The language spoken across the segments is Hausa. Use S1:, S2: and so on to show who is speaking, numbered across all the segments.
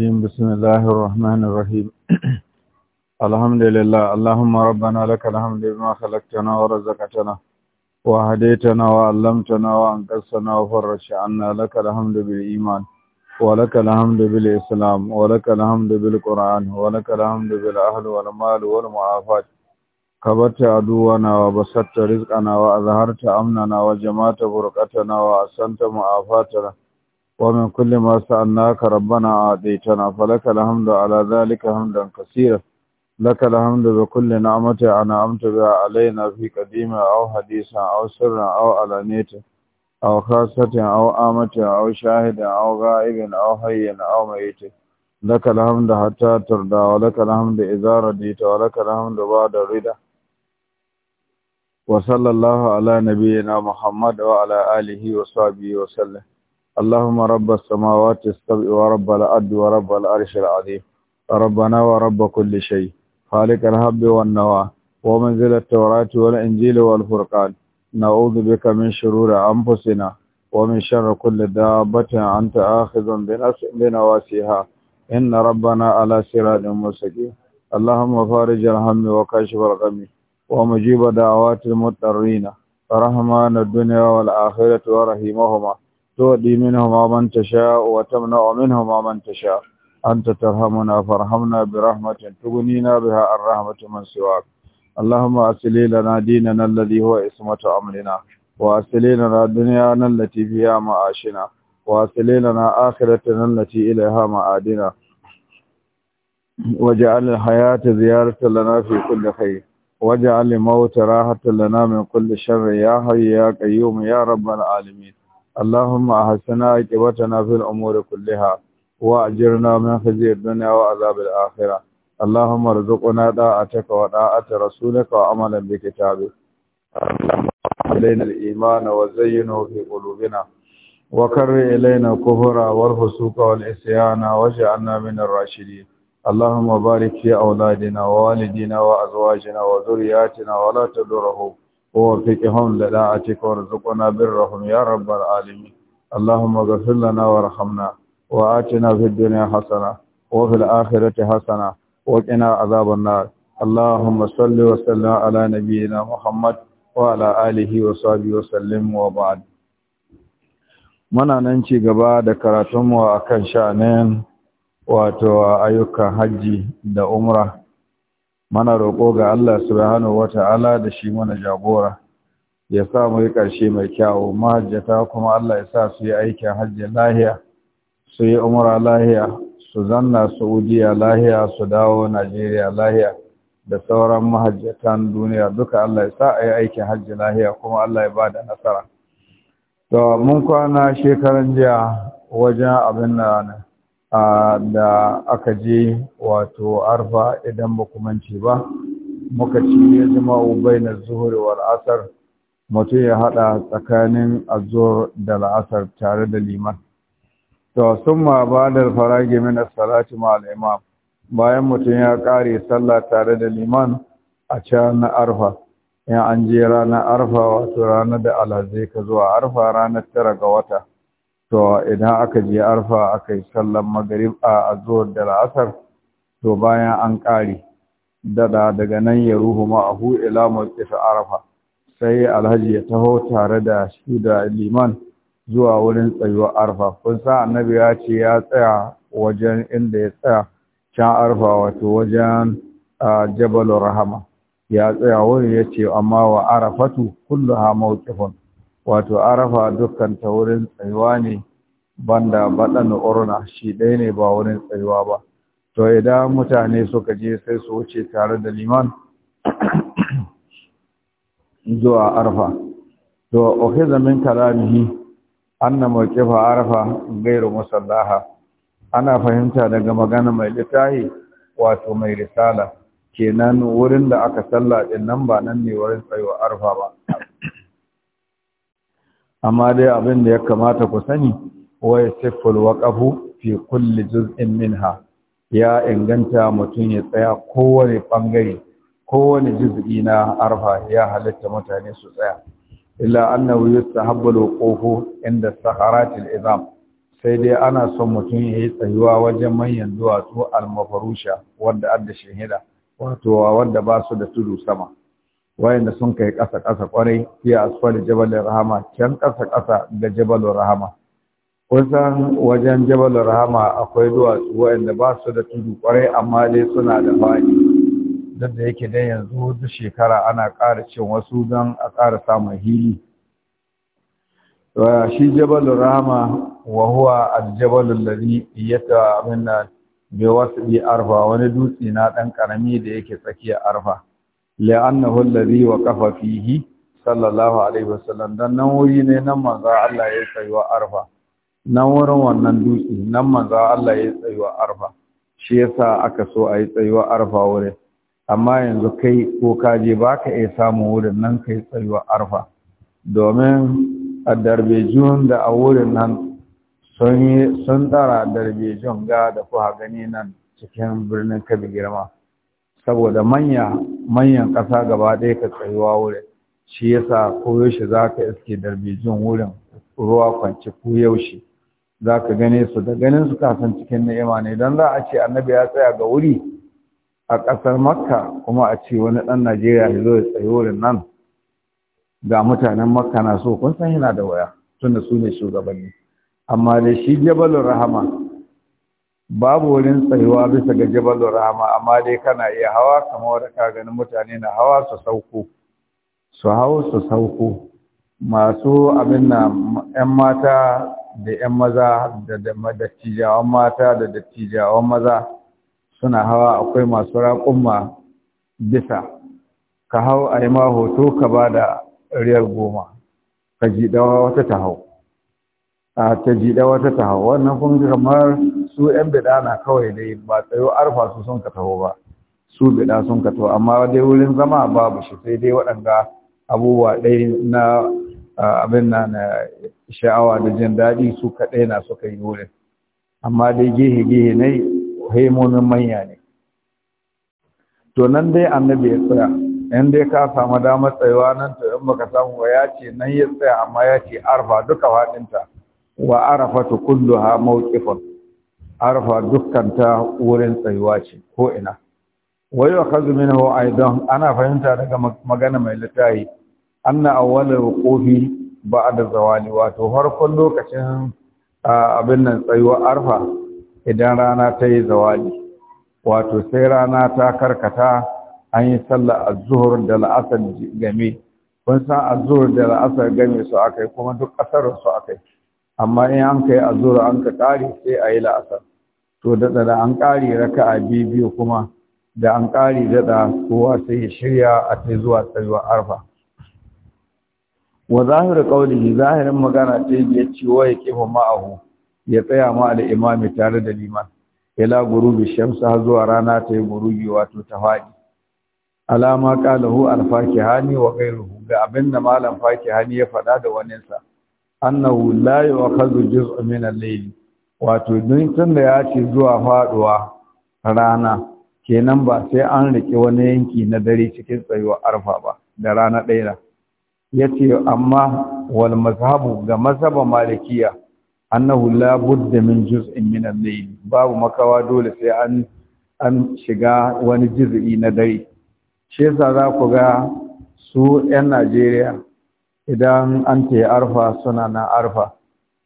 S1: الرجيم بسم الله الرحمن الرحيم الحمد لله اللهم ربنا لك الحمد بما خلقتنا ورزقتنا وهديتنا وعلمتنا وأنقذتنا وفرجت عنا لك الحمد بالإيمان ولك الحمد بالإسلام ولك الحمد بالقرآن ولك الحمد بالأهل والمال والمعافات كبرت عدونا وبسطت رزقنا وأظهرت أمننا وجمعت بركتنا وأحسنت معافاتنا ومن كل ما سألناك ربنا عاديتنا فلك الحمد على ذلك حمدا كثيرا لك الحمد بكل نعمة أنعمت بها علينا في قديمة أو حديثة أو سر أو علانية أو خاصة أو آمة أو شاهد أو غائب أو حي أو ميت لك الحمد حتى ترضى ولك الحمد إذا رديت ولك الحمد بعد الرضا وصلى الله على نبينا محمد وعلى آله وصحبه وسلم اللهم رب السماوات السبع ورب الأرض ورب العرش العظيم ربنا ورب كل شيء خالق الهب والنوى ومنزل التوراة والإنجيل والفرقان نعوذ بك من شرور أنفسنا ومن شر كل دابة أنت آخذ بنواسيها إن ربنا على صراط مستقيم اللهم فارج الهم وكشف الغم ومجيب دعوات المضطرين رحمن الدنيا والآخرة ورحيمهما تودي منهما من تشاء وتمنع منهما من تشاء أنت ترحمنا فارحمنا برحمة تغنينا بها الرحمة من سواك اللهم أسلي لنا ديننا الذي هو اسمة أمرنا وأسلي لنا دنيانا التي فيها معاشنا وأسلي لنا آخرتنا التي إليها معادنا واجعل الحياة زيارة لنا في كل خير واجعل الموت راحة لنا من كل شر يا حي يا قيوم يا رب العالمين اللهم أحسنا عاقبتنا في الأمور كلها وأجرنا من خزي الدنيا وعذاب الآخرة اللهم ارزقنا طاعتك وطاعة رسولك وعملا بكتابك علينا الإيمان وزينه في قلوبنا وكر إلينا الكفر والفسوق والعصيان واجعلنا من الراشدين اللهم بارك في أولادنا ووالدينا وأزواجنا وذرياتنا ولا تضرهم ووفقهم لداعتك وارزقنا برهم يا رب العالمين اللهم اغفر لنا وارحمنا وآتنا في الدنيا حسنة وفي الآخرة حسنة وقنا عذاب النار اللهم صل وسلم على نبينا محمد وعلى آله وصحبه وسلم وبعد muna nan ci gaba da karatunmu a kan sha'anin wato ayyukan hajji da umra mana roƙo ga Allah subhanahu wata'ala da shi mana jagora ya sa mu yi ƙarshe mai kyawu mahajjata kuma Allah ya sa su yi aikin hajji lahiya su yi umra lahiya su zanna Saudiya lahiya su dawo Najeriya lahiya da sauran mahajjatan duniya duka Allah ya sa a yi aikin hajji lahiya kuma Allah ya ba da nasara to mun kwana shekaran jiya wajen abin nan da aka je wato arfa idan ba kumance ba muka ci ya ubai na zuhuri wa la'asar, mutum ya haɗa tsakanin azur da la'asar tare da liman to sun ma ba da farage min salati ma al bayan mutum ya kare sallah tare da liman a can na arfa in an je ranar arfa wato ranar da alhazai ka zuwa arfa ranar tara ga wata to idan aka je arfa aka yi sallan magarib a azuwar da la'asar to bayan an ƙare dada daga nan ya ruhu ma'ahu ila isa arafa sai alhaji ya taho tare da shi da liman zuwa wurin tsayuwar arfa kun sa annabi ya ce ya tsaya wajen inda ya tsaya can arfa wato wajen a jabalur rahama ya tsaya wurin ya ce amma wa arafatu ha mawqifun wato arafa dukkan ta wurin tsayuwa ne banda baɗan urna shi ɗaya ne ba wurin tsayuwa ba to idan mutane suka je sai su wuce tare da liman zuwa arfa to ohiza min kalamihi anna mawqifa arfa gairu musallaha ana fahimta daga magana mai litahi wato mai risala kenan wurin da aka sallah din nan ba nan ne wurin tsayuwa arfa ba amma dai abin da ya kamata ku sani wai yasiful waqafu fi kulli juz'in minha ya inganta mutum ya tsaya kowane bangare kowane juz'i na arfa ya halatta mutane su tsaya illa annahu yustahabbu al-wuqufu inda saharatil izam sai dai ana son mutum ya yi tsayuwa wajen manyan duwatsu al-mafarusha wanda adda shahida wato wanda ba su da tudu sama wayanda sun kai ƙasa ƙasa ƙwarai fiye asfali jabal rahama can ƙasa ƙasa da jabal rahama kusan wajen jabal rahama akwai duwatsu wayanda ba su da tudu ƙwarai amma dai suna da faɗi duk da yake dai yanzu duk shekara ana ƙara cin wasu don a ƙara samun hili shi jabal rahama wa huwa aljabalin lari yata minna bai wasu arfa wani dutse na dan karami da yake tsakiyar arfa la'annahu alladhi waqafa fihi sallallahu alaihi wasallam dan nan wuri ne nan manzo Allah ya tsayuwa arfa nan wurin wannan dutse nan manzo Allah ya tsayuwa arfa shi yasa aka so a yi tsayuwa arfa wurin amma yanzu kai ko ka ba baka iya samu wurin nan kai tsayuwa arfa domin a darbejun da a wurin nan sun tsara darbejun ga da kuka gani nan cikin birnin kabi girma saboda manya manyan ƙasa gaba ɗaya ka tsayuwa wurin shi yasa koyaushe za ka iske darbijin wurin ruwa kwanci yaushe za ka gane su da ganin su kasan cikin ni'ima ne don za a ce annabi ya tsaya ga wuri a ƙasar makka kuma a ce wani ɗan najeriya ya zo ya tsayi wurin nan ga mutanen makka na so kun san yana da waya tunda su ne shugabanni amma dai shi jabalin rahama babu wurin tsayuwa bisa ga jabal rama amma dai kana iya hawa kamar da ka gani mutane na hawa su sauko su hau su sauko masu abin na yan mata da yan maza da dattijawan mata da dattijawan maza suna hawa akwai masu raƙumma bisa ka hau a yi ma hoto ka ba da riyar goma ka jiɗa wata ta hau a ta jiɗa wata ta hau wannan kun kamar su yan bida na kawai dai ba tsayo arfa su sun ka taho ba su bida sun amma dai wurin zama babu shi sai dai waɗanda abubuwa ɗaya na abin na na sha'awa da jin daɗi su kaɗai na suka yi wurin amma dai gehe-gehe ne haimonin manya ne to nan dai annabi ya tsaya 'yan dai ka samu damar tsayuwa nan to in baka samu ba ya ce nan ya tsaya amma ya ce arfa duka faɗinta wa arafatu kulluha mawqifun arfa dukkan wurin tsayuwa ce ko ina wai wa kazu wa aidan ana fahimta daga magana mai littafi anna ba wuqufi da zawali wato farkon lokacin abin nan tsayuwa arfa idan rana ta yi zawali wato sai rana ta karkata an yi sallar azzuhur da la'asar game kun san azzuhur da la'asar game su akai kuma duk kasar su akai amma in an kai azzuhur an ka tare sai ayi la'asar to daɗa da an ƙari raka a biyu kuma da an ƙari daɗa kowa sai ya shirya a sai zuwa tsayuwa arfa wa zahiru qawlihi zahirin magana ce ya ce wa yaqifu ma'ahu ya tsaya ma da imami tare da liman ila gurubi shamsa zuwa rana ta yi gurubi wato ta faɗi alama qalahu al-fakihani wa ghayruhu ga abinda malam fakihani ya faɗa da waninsa annahu la yu'khadhu juz'un min al layli wato don tun da ya ce zuwa faduwa rana kenan ba sai an riƙe wani yanki na dare cikin tsayuwar arfa ba da rana ɗaya ya ce amma wal mazhabu ga mazhaban malikiya annahu la budda min juz'in min al-layl babu makawa dole sai an an shiga wani juz'i na dare shi yasa za ku ga su 'yan Najeriya idan an ce arfa suna na arfa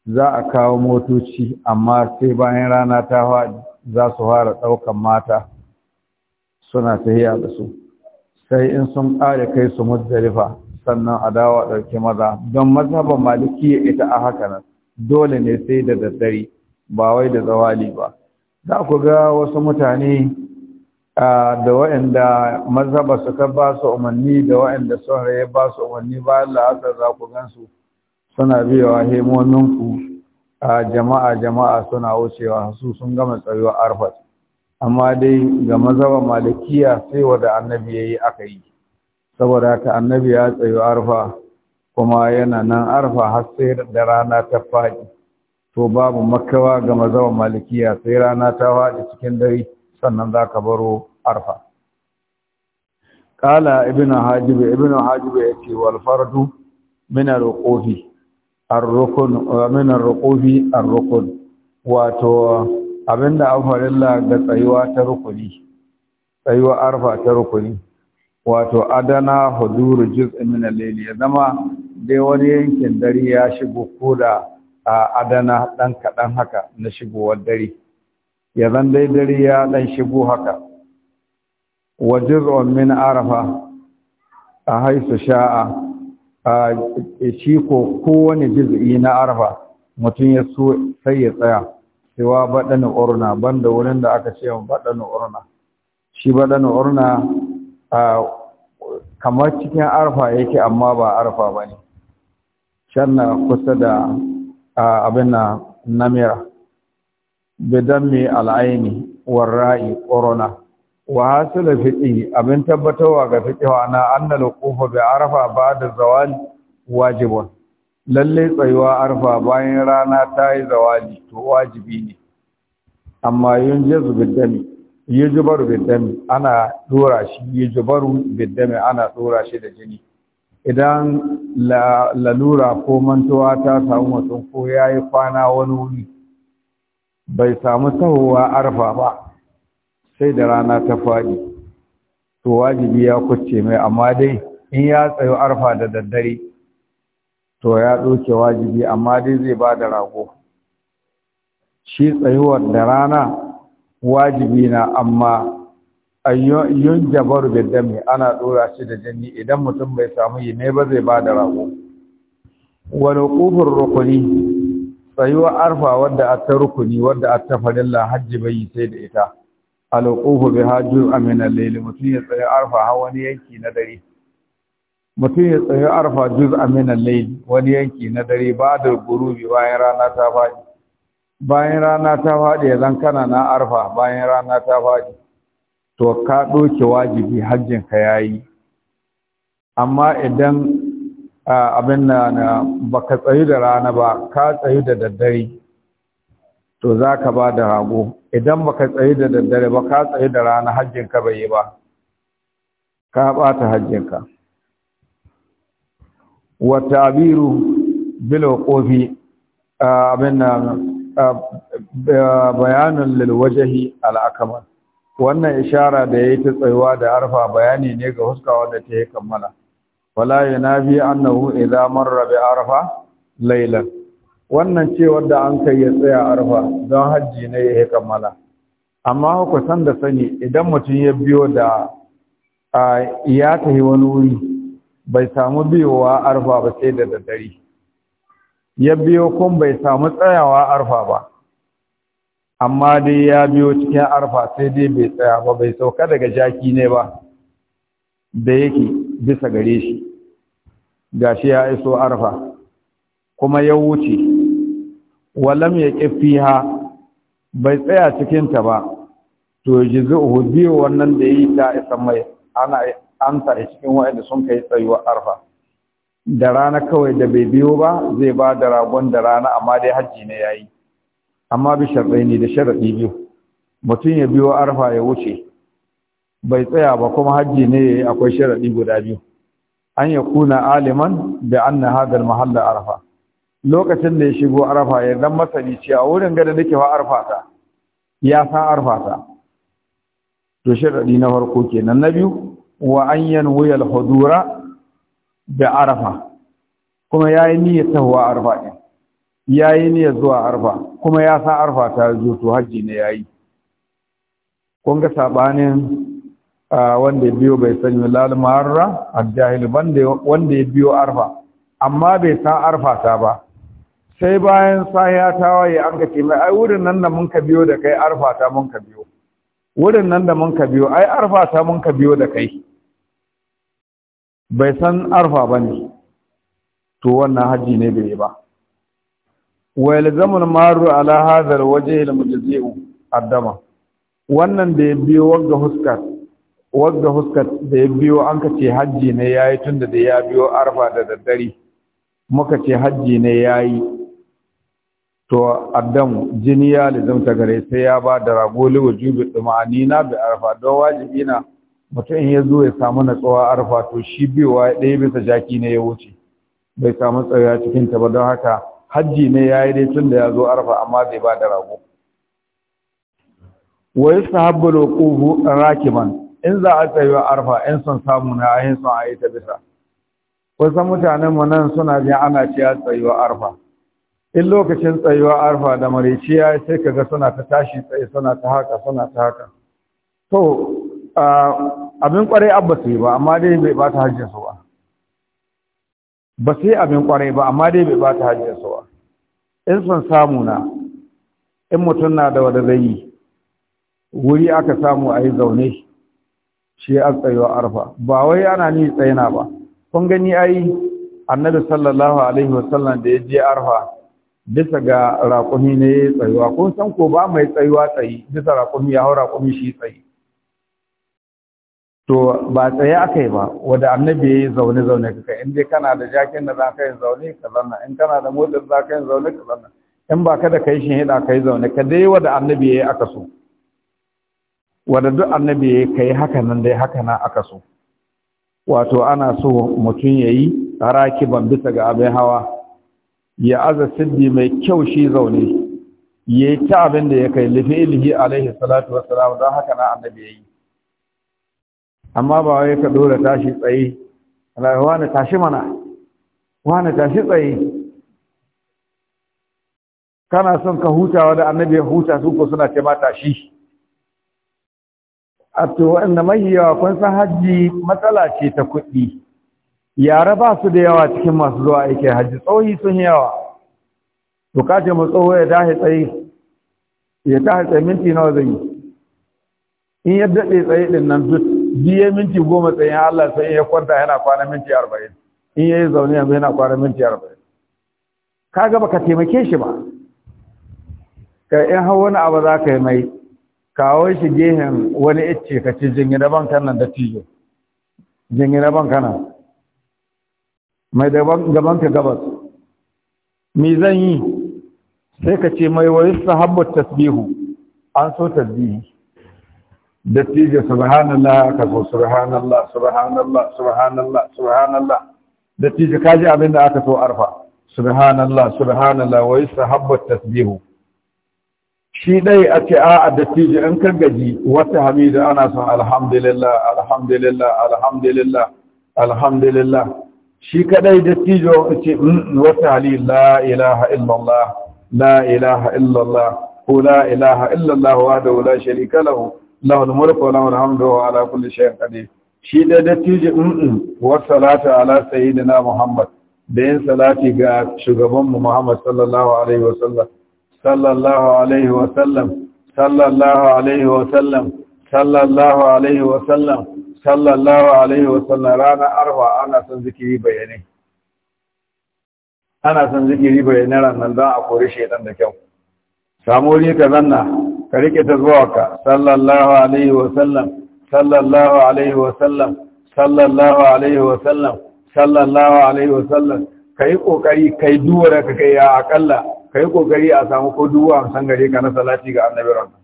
S1: za a kawo motoci amma sai bayan rana ta za su fara ɗaukan mata suna tahiya da su sai in sun ƙare kai su muzdalifa sannan a dawo a ɗauki maza don mazhaban ya ita a haka nan dole ne sai da daddare ba wai da zawali ba za ku ga wasu mutane da waɗanda mazhaba suka ba su umarni da waɗanda saurayi ba su umarni bayan la'asar za ku gansu suna biyawa hemominku a jama'a jama'a suna wucewa su sun gama tsayuwa arfat amma dai ga mazaba malikiya sai wadda annabi ya yi aka yi saboda haka annabi ya tsayu arfa kuma yana nan arfa har sai da rana ta faɗi to babu makawa ga mazaba malikiya sai rana ta faɗi cikin dare sannan za ka baro arfa قال ابن حاجب ابن حاجب يأتي والفرد من الوقوف ar-rukun min ar wato abinda an farilla ga tsayuwa ta rukuni arfa ta rukuni wato adana huduru juz'in min al ya zama dai wani yankin dare ya shigo ko da adana dan kaɗan haka na shigowar dare ya zan dai dare ya ɗan shigo haka wa juz'un arafa a haisu sha'a shi ko kowane juz'i na arfa mutum ya so sai ya tsaya cewa baɗanin urna banda wurin da aka ce baɗanin urna shi baɗanin urna kamar cikin arfa yake amma ba arfa ba ne can na kusa da abin na namira bidan mai al'aini warra'i urna wa hasul fiɗi, abin tabbatarwa ga fiqwa na annal qufa arfa arafa da zawali wajibun Lallai tsayuwa arfa bayan rana ta yi zawali to wajibi ne amma yin jazu biddami yi ana dora shi yi jubaru biddami ana dora shi da jini idan lalura ko mantuwa ta samu mutum ko ya yi kwana wani wuri bai samu tahowa arfa ba sai da rana ta faɗi to wajibi ya kucce mai amma dai in ya tsayo arfa da daddare to ya ɗauke wajibi amma dai zai ba da rago shi tsayuwar da rana wajibi na amma ayyun jabaru da dami ana ɗora shi da jini idan mutum bai samu yi ne ba zai ba da rago wani ƙufin rukuni tsayuwar arfa wadda a ta rukuni wadda a ta farilla hajji bai yi sai da ita alquhu biha haju amina al-layl mutum ya tsaya arfa har wani yanki na dare mutum ya tsaya arfa juz amina al-layl wani yanki na dare ba da gurubi bayan rana ta faɗi bayan rana ta faɗi ya zan kana na arfa bayan rana ta faɗi to ka ɗoke wajibi hajjin ka yayi amma idan abin na baka tsayu da rana ba ka tsayu da daddare to za ka ba da hago idan baka tsaye da daddare ba ka tsaye da rana hajjin ka bai yi ba ka bata hajjin ka wa ta'biru bil abin bayanan lil wajhi al wannan ishara da yayi ta tsayuwa da arfa bayani ne ga huska wanda ta yi kammala wala biya annahu idza marra bi arfa laylan wannan cewar da an kai ya tsaya arfa don hajji ne ya yi kammala amma ku san da sani idan mutum ya biyo da ya tafi wani wuri bai samu biyowa arfa ba sai da daddare ya biyo kun bai samu tsayawa arfa ba amma dai ya biyo cikin arfa sai dai bai tsaya ba bai sauka daga jaki ne ba da yake bisa gare shi ga shi ya iso arfa kuma ya wuce walam ya fiha bai tsaya cikinta ba to jizuhu biyo wannan da yi ta isa mai ana an ta cikin wa'anda sun kai tsayuwar arfa da rana kawai da bai biyo ba zai ba da ragon da rana amma dai hajji ne yayi amma bi ne da sharadi biyu mutum ya biyo arfa ya wuce bai tsaya ba kuma hajji ne yayi akwai sharaɗi guda biyu an yakuna aliman da anna hadha mahalla arfa lokacin da ya shigo arfa ya dan masani cewa wurin gada nake fa arfa ta ya san arfa ta to sharadi na farko kenan na biyu wa ayyan wayal hudura da arfa kuma yayi niyyar wa arfa din yayi niyyar zuwa arfa kuma ya san arfa ta zo to haji ne yayi kun ga sabanin wanda ya biyo bai sani lal marra al-jahil wanda ya biyo arfa amma bai sa arfa ta ba sai bayan sahiya ta waye an ka ce mai ai wurin nan da mun ka biyo da kai arfa ta mun ka biyo wurin nan da mun ka biyo ai arfa ta mun ka biyo da kai bai san arfa ba ne to wannan haji ne bai ba wa yalzamul maru ala wajh al mujzi'u addama wannan da ya biyo wagga huskar wagga huskar da ya biyo an ka ce hajji ne yayi tunda da ya biyo arfa da daddare muka ce hajji ne yayi to adam jini ya lizamta gare sai ya ba da rago liwa jubi dumani na bi arfa don wajibi na mutum in ya zo ya samu natsuwa arfa to shi biwa ɗaya bisa jaki ne ya wuce bai samu tsaya cikin ta ba don haka hajji ne yayi dai tun da ya zo arfa amma bai ba da rago wa yusahabbu al rakiban in za a wa arfa in son samu na ayin son ayi ta bisa wasu mutanen mu nan suna jin ana ciya tsayuwa arfa in lokacin tsayuwa arfa da ya yi sai kaga suna ta tashi tsaye suna ta haka suna ta haka to abin kwarai abba su yi ba amma dai bai bata hajjin su ba ba su yi abin kwarai ba amma dai bai bata hajjin su ba in sun samu na in mutum na da wani zai yi wuri aka samu a yi zaune shi ya tsayuwa arfa ba wai ana ni tsayina ba kun gani ai annabi sallallahu alaihi wasallam da ya je arfa bisa ga raƙumi ne ya tsayuwa kun san ko ba mai tsayuwa tsayi bisa raƙumi ya hau raƙumi shi tsayi to ba tsaye aka yi ba wadda annabi ya yi zaune zaune kaka in dai kana da jakin da za ka yi zaune ka zanna in kana da motar za ka yi zaune ka zanna in ba ka da kai shi hida ka yi zaune ka dai wadda annabi ya yi aka so wadda duk annabi ya yi ka yi haka nan dai haka nan aka so wato ana so mutum ya yi rakiban bisa ga abin hawa ya aza siddi mai kyau shi zaune ya yi ta abin da ya kai lifi ilihi alaihi salatu wassalam don haka na annabi ya yi amma ba wai ka dora tashi tsaye wani tashi mana wani tashi tsaye kana son ka hutawa da annabi ya huta su ko suna ce ma tashi a to inda mai yawa kun san hajji matsala ce ta kuɗi Yare ba su da yawa cikin masu zuwa aikin hajji tsohi sun yawa to mu tsoho ya dahi tsaye ya tashi tsaye minti nawa zai yi in ya daɗe tsaye ɗin nan duk biye minti goma tsayin Allah sai ya kwanta yana kwana minti arba'in in ya yi zaune yanzu yana kwana minti arba'in ka ga ka taimake shi ba ka in hau wani abu za ka yi mai kawo shi gehen wani icce ka ci jingina ban kanan da tijo jingina ban kanan mai gaban ka gabas me zan yi sai ka ce mai wayi sahabbat tasbihu an so tasbihi dattijo subhanallah ka so subhanallah subhanallah subhanallah subhanallah dattijo kaji abin da aka so arfa subhanallah subhanallah wayi sahabbat tasbihu shi dai a ce a dattijo in kan gaji wata hamida ana son alhamdulillah alhamdulillah alhamdulillah alhamdulillah shi kadai dattijo ce mm, wata hali la ilaha illallah la ilaha illallah ko la ilaha illallah wa da wula sharika lahu lahul mulku wa lahul wa ala kulli shay'in qadir shi da dattijo mm, mm, wa salatu ala sayyidina muhammad da yin salati ga shugaban mu muhammad sallallahu alaihi wa sallam sallallahu alaihi wa sallam sallallahu alaihi wa sallam sallallahu alaihi wa sallam sallallahu alaihi wasallam rana arfa ana son zikiri bayanai ana son zikiri bayanai ranar don a kori shaidan da kyau samu wuri ka zanna ka rike ta zuwa ka sallallahu alaihi wasallam sallallahu alaihi wasallam sallallahu alaihi wasallam sallallahu alaihi wasallam ka yi kokari ka yi duwara ka kai ya akalla ka yi ƙoƙari a samu ko dubu hamsin gare ka na salati ga annabi ranar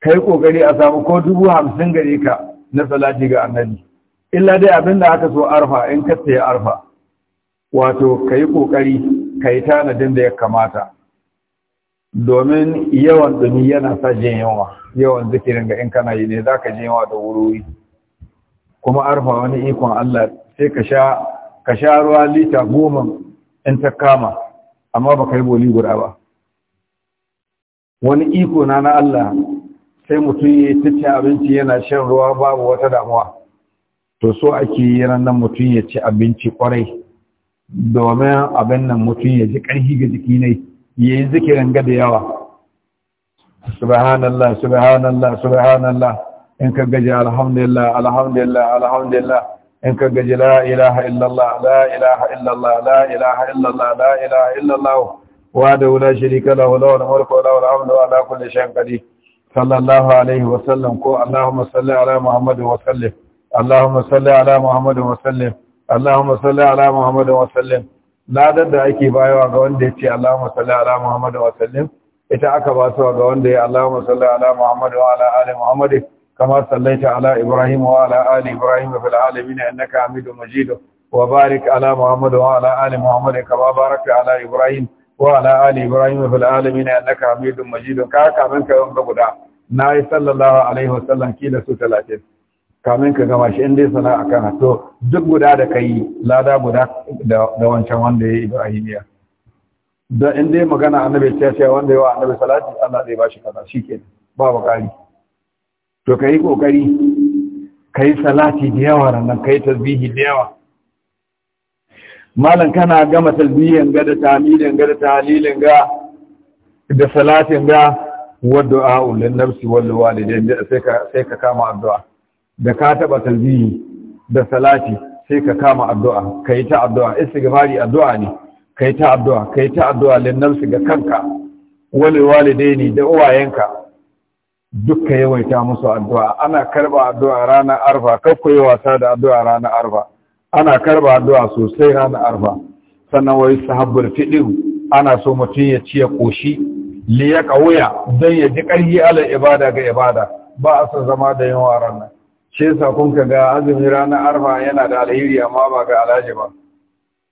S1: ka yi ƙoƙari a samu ko dubu hamsin gare ka na salati ga annabi illa dai abin da aka so arfa in ka tsaye arfa wato ka yi ƙoƙari ka yi tanadin da ya kamata domin yawan dumi yana sa jin yawa yawan zikirin ga in kana yi ne za ka jin yawa da wuri kuma arfa wani ikon Allah sai ka sha ka sha ruwa lita goma in ta kama amma ba ka yi boli guda ba wani iko na na Allah sai mutum ya ci abinci yana shan ruwa babu wata damuwa to so ake yi nan mutum ya ci abinci kwarai domin abin nan mutum ya ji ƙarfi ga jiki ne ya yi zikirin ga da yawa subhanallah subhanallah subhanallah in ka gaji alhamdulillah alhamdulillah alhamdulillah in ka gaji la ilaha illallah la ilaha illallah la ilaha illallah la ilaha illallah wa da wula shirika lahu lahu mulku wa lahu al-hamdu ala kulli shay'in qadir sallallahu alaihi wasallam ko Allahumma salli ala Muhammad wa sallim Allahumma salli ala Muhammad wa sallim Allahumma salli ala Muhammad wa sallim ladar da ake bayawa ga wanda ya ce Allahumma salli ala Muhammad wa sallim ita aka ba su ga wanda ya Allahumma salli ala Muhammad wa ala ali Muhammad kama sallaita ala Ibrahim wa ala ali Ibrahim fil alamin innaka Hamidum Majid wa barik ala Muhammad wa ala ali Muhammad kama barakta ala Ibrahim wa ala ali Ibrahim fil alamin innaka Hamidum Majid ka ka ranka yawan guda na yi sallallahu alaihi wasallam kila su talatin kamin ka gama shi inda sana'a kan to duk guda da ka yi lada guda da wancan wanda ya yi ibrahimiya don inda magana annabi ta ce wanda ya wa annabi salati Allah zai bashi kaza shikenan ba kari to kai kokari kai salati da yawa rannan kai tasbihi da yawa malam kana gama talbiyan ga da tamilin ga da tahlilin ga da salatin ga wa du'a nafsi wal walidain sai ka sai ka kama addu'a da ka taba talbihi da salati sai ka kama addu'a kai ta addu'a istighfari addu'a ne kai ta addu'a kai ta addu'a lin nafsi ga kanka wal ne da uwayenka dukka yawaita musu addu'a ana karba addu'a ranar arfa kakko yi wasa da addu'a ranar arfa ana karba addu'a sosai ranar arfa sannan wai sahabbar fiɗin ana so mutum ya ciye koshi. li ya kawuya don ya ji ƙarfi ala ibada ga ibada ba a san zama da yawa ranar shi yasa kun ka ga azumi ranar arfa yana da alheri amma ba ga alhaji ba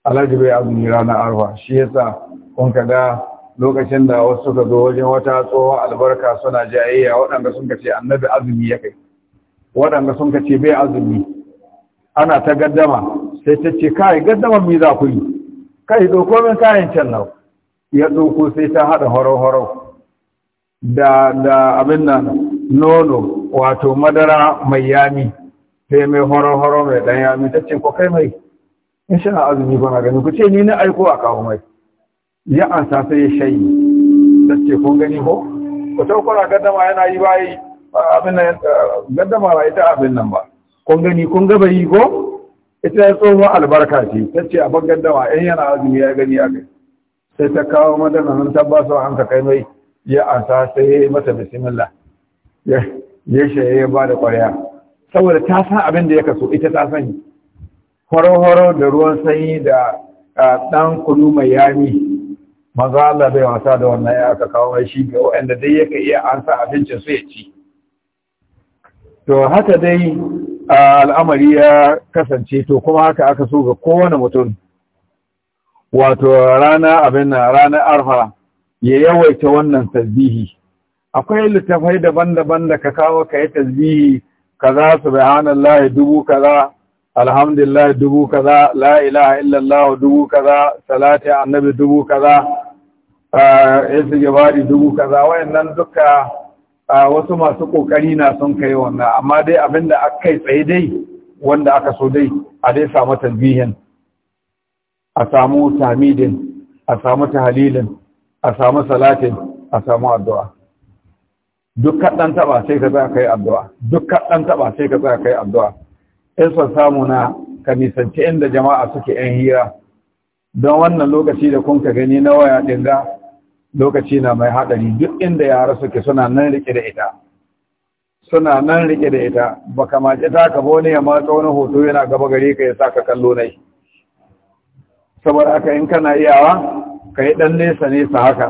S1: alhaji bai azumi ranar arfa shi yasa kun ka ga lokacin da wasu suka zo wajen wata tsohon albarka suna jayayya waɗanda sun ka ce annabi azumi ya kai waɗanda sun ka ce bai azumi ana ta gaddama sai ta ce kai gaddama mi za ku yi kai dokomin min kayan can nau ya ɗauko sai ta haɗa horo-horo da da abin nan nono wato madara mai yami sai mai horo-horo mai ɗan yami ta ce ko kai mai in sha azumi ba na gani ku ce ni na aiko a kawo mai ya ansa sai ya shayi ta ce kun gani ko ku taukura gaddama yana yi bayi abin nan gaddama ba ita abin nan ba kun gani kun gaba yi ko ita ya tsohon albarka ce ta ce a ban gaddama in yana azumi ya gani a gani sai ta kawo madana nan ta ba su hanka kai mai ya ansa sai ya yi mata bismillah ya shaye ya ba da ƙwarya saboda ta san abin da ya kaso ita ta sani horo-horo da ruwan sanyi da ɗan kunu mai yami maza Allah bai wasa da wannan ya aka kawo mai shi ga waɗanda dai yake iya ansa abincin su ya ci to haka dai al'amari ya kasance to kuma haka aka so ga kowane mutum wato rana abin na ranar arfa ya yawaita wannan tasbihi akwai littafai daban-daban da ka kawo ka yi tasbihi kaza subhanallah dubu kaza alhamdulillah dubu kaza la ilaha illallah dubu kaza salati annabi dubu kaza eh, gabari dubu kaza wayannan duka eh, wasu masu kokari na son kai wannan amma dai abinda aka kai tsaye dai wanda aka so dai a dai samu tasbihin a samu tamidin a samu tahalilin a samu salatin a samu addu'a duk kaɗan taɓa sai ka tsaya kai addu'a duk kaɗan taɓa sai ka tsaya kai addu'a in son samu na ka nisanci inda jama'a suke ‘yan hira don wannan lokaci da kun ka gani na waya ɗin ga lokaci na mai haɗari duk inda yara suke suna nan riƙe da ita suna nan riƙe da ita ba ta ka wani ya matsa wani hoto yana gaba gare ka ya sa ka kallo nai saboda aka in kana iyawa ka yi ɗan nesa nesa haka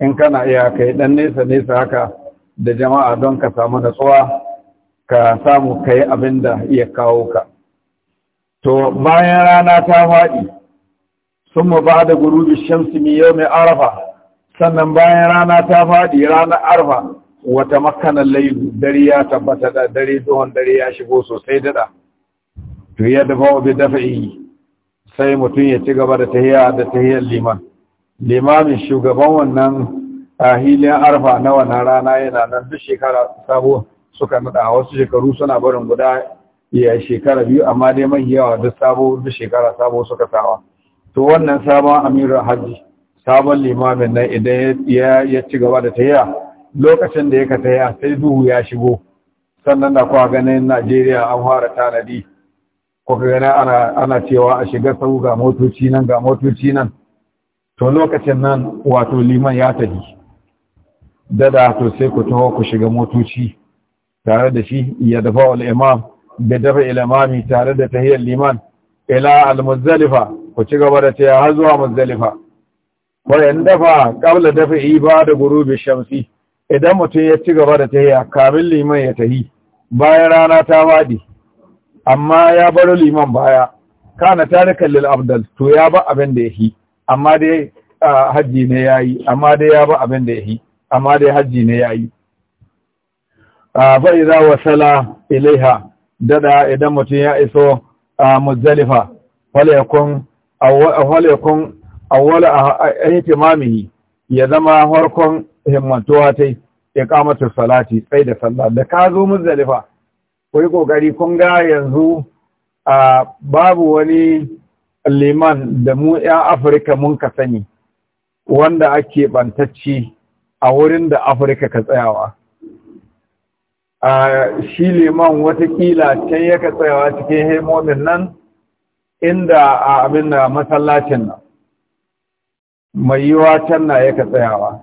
S1: in kana iya ka yi ɗan nesa nesa haka da jama'a don ka samu natsuwa ka samu ka yi abin da ya kawo ka to bayan rana ta faɗi sun ba da gurubi shamsi mai yau mai arafa sannan bayan rana ta faɗi ranar arafa wata makanan lailu dare ya tabbata da dare duhun dare ya shigo sosai daɗa to yadda ba wa bi dafa yi. sai mutum ya ci gaba da tahiya da tahiyar liman limamin shugaban wannan a hilin arfa na wannan rana yana nan duk shekara sabo suka nada wasu shekaru suna barin guda ya shekara biyu amma dai mai yawa duk sabo duk shekara sabo suka sawa to wannan sabon amirul hajji sabon limamin nan idan ya ci gaba da tahiya lokacin da ya ka sai duhu ya shigo sannan da kuwa ganin Najeriya an fara tanadi kuka gana ana cewa a shiga sau ga motoci nan ga motoci nan to lokacin nan wato liman ya tafi dada to sai ku taho ku shiga motoci tare da shi ya dafa wa imam da dafa ilimami tare da tahiyar liman ila al muzalifa ku ci gaba da taya har zuwa muzalifa wayan dafa kabla dafa ba da gurubi shamsi idan mutum ya ci gaba da tahiya kamin liman ya tahi bayan rana ta fadi amma ya baro liman baya kana tarikan lil abdal to ya ba abin da yahi amma dai haji ne yayi amma dai ya ba abin da yahi amma dai haji ne yayi fa idza wasala ilaiha dada idan mutum ya iso muzdalifa wala yakun wala yakun awwala ihtimamihi ya zama farkon himmantuwa tai iqamatu salati sai da sallah da ka zo muzdalifa ku yi ƙoƙari kun ga yanzu a babu wani liman da mu 'yan afirka mun ka sani wanda ake bantacci a wurin da afirka ka tsayawa a shi liman watakila can ya ka tsayawa cikin hemomin nan inda a abin da masallacin nan mai yiwa can na ya ka tsayawa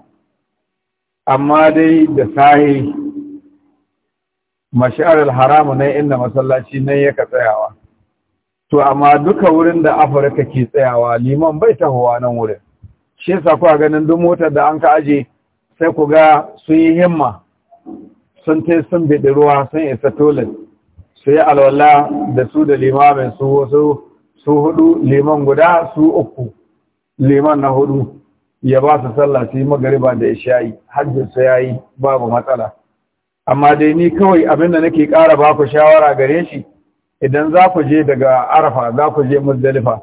S1: amma dai da sahi mash'arul haramu na inda masallaci nan yaka tsayawa to amma duka wurin da Afirka ke tsayawa liman bai tahowa nan wurin shi sa kuwa ganin duk motar da an ka aje sai ku ga sun yi himma sun te sun biɗi ruwa sun isa tolin, su yi alwala da su da limamin su wasu su hudu liman guda su uku liman na hudu ya ba su sallah su yi magariba da isha'i hajjinsu ya yi babu matsala amma dai ni kawai abin da nake ƙara ba ku shawara gare shi idan za ku je daga arafa za ku je muzdalifa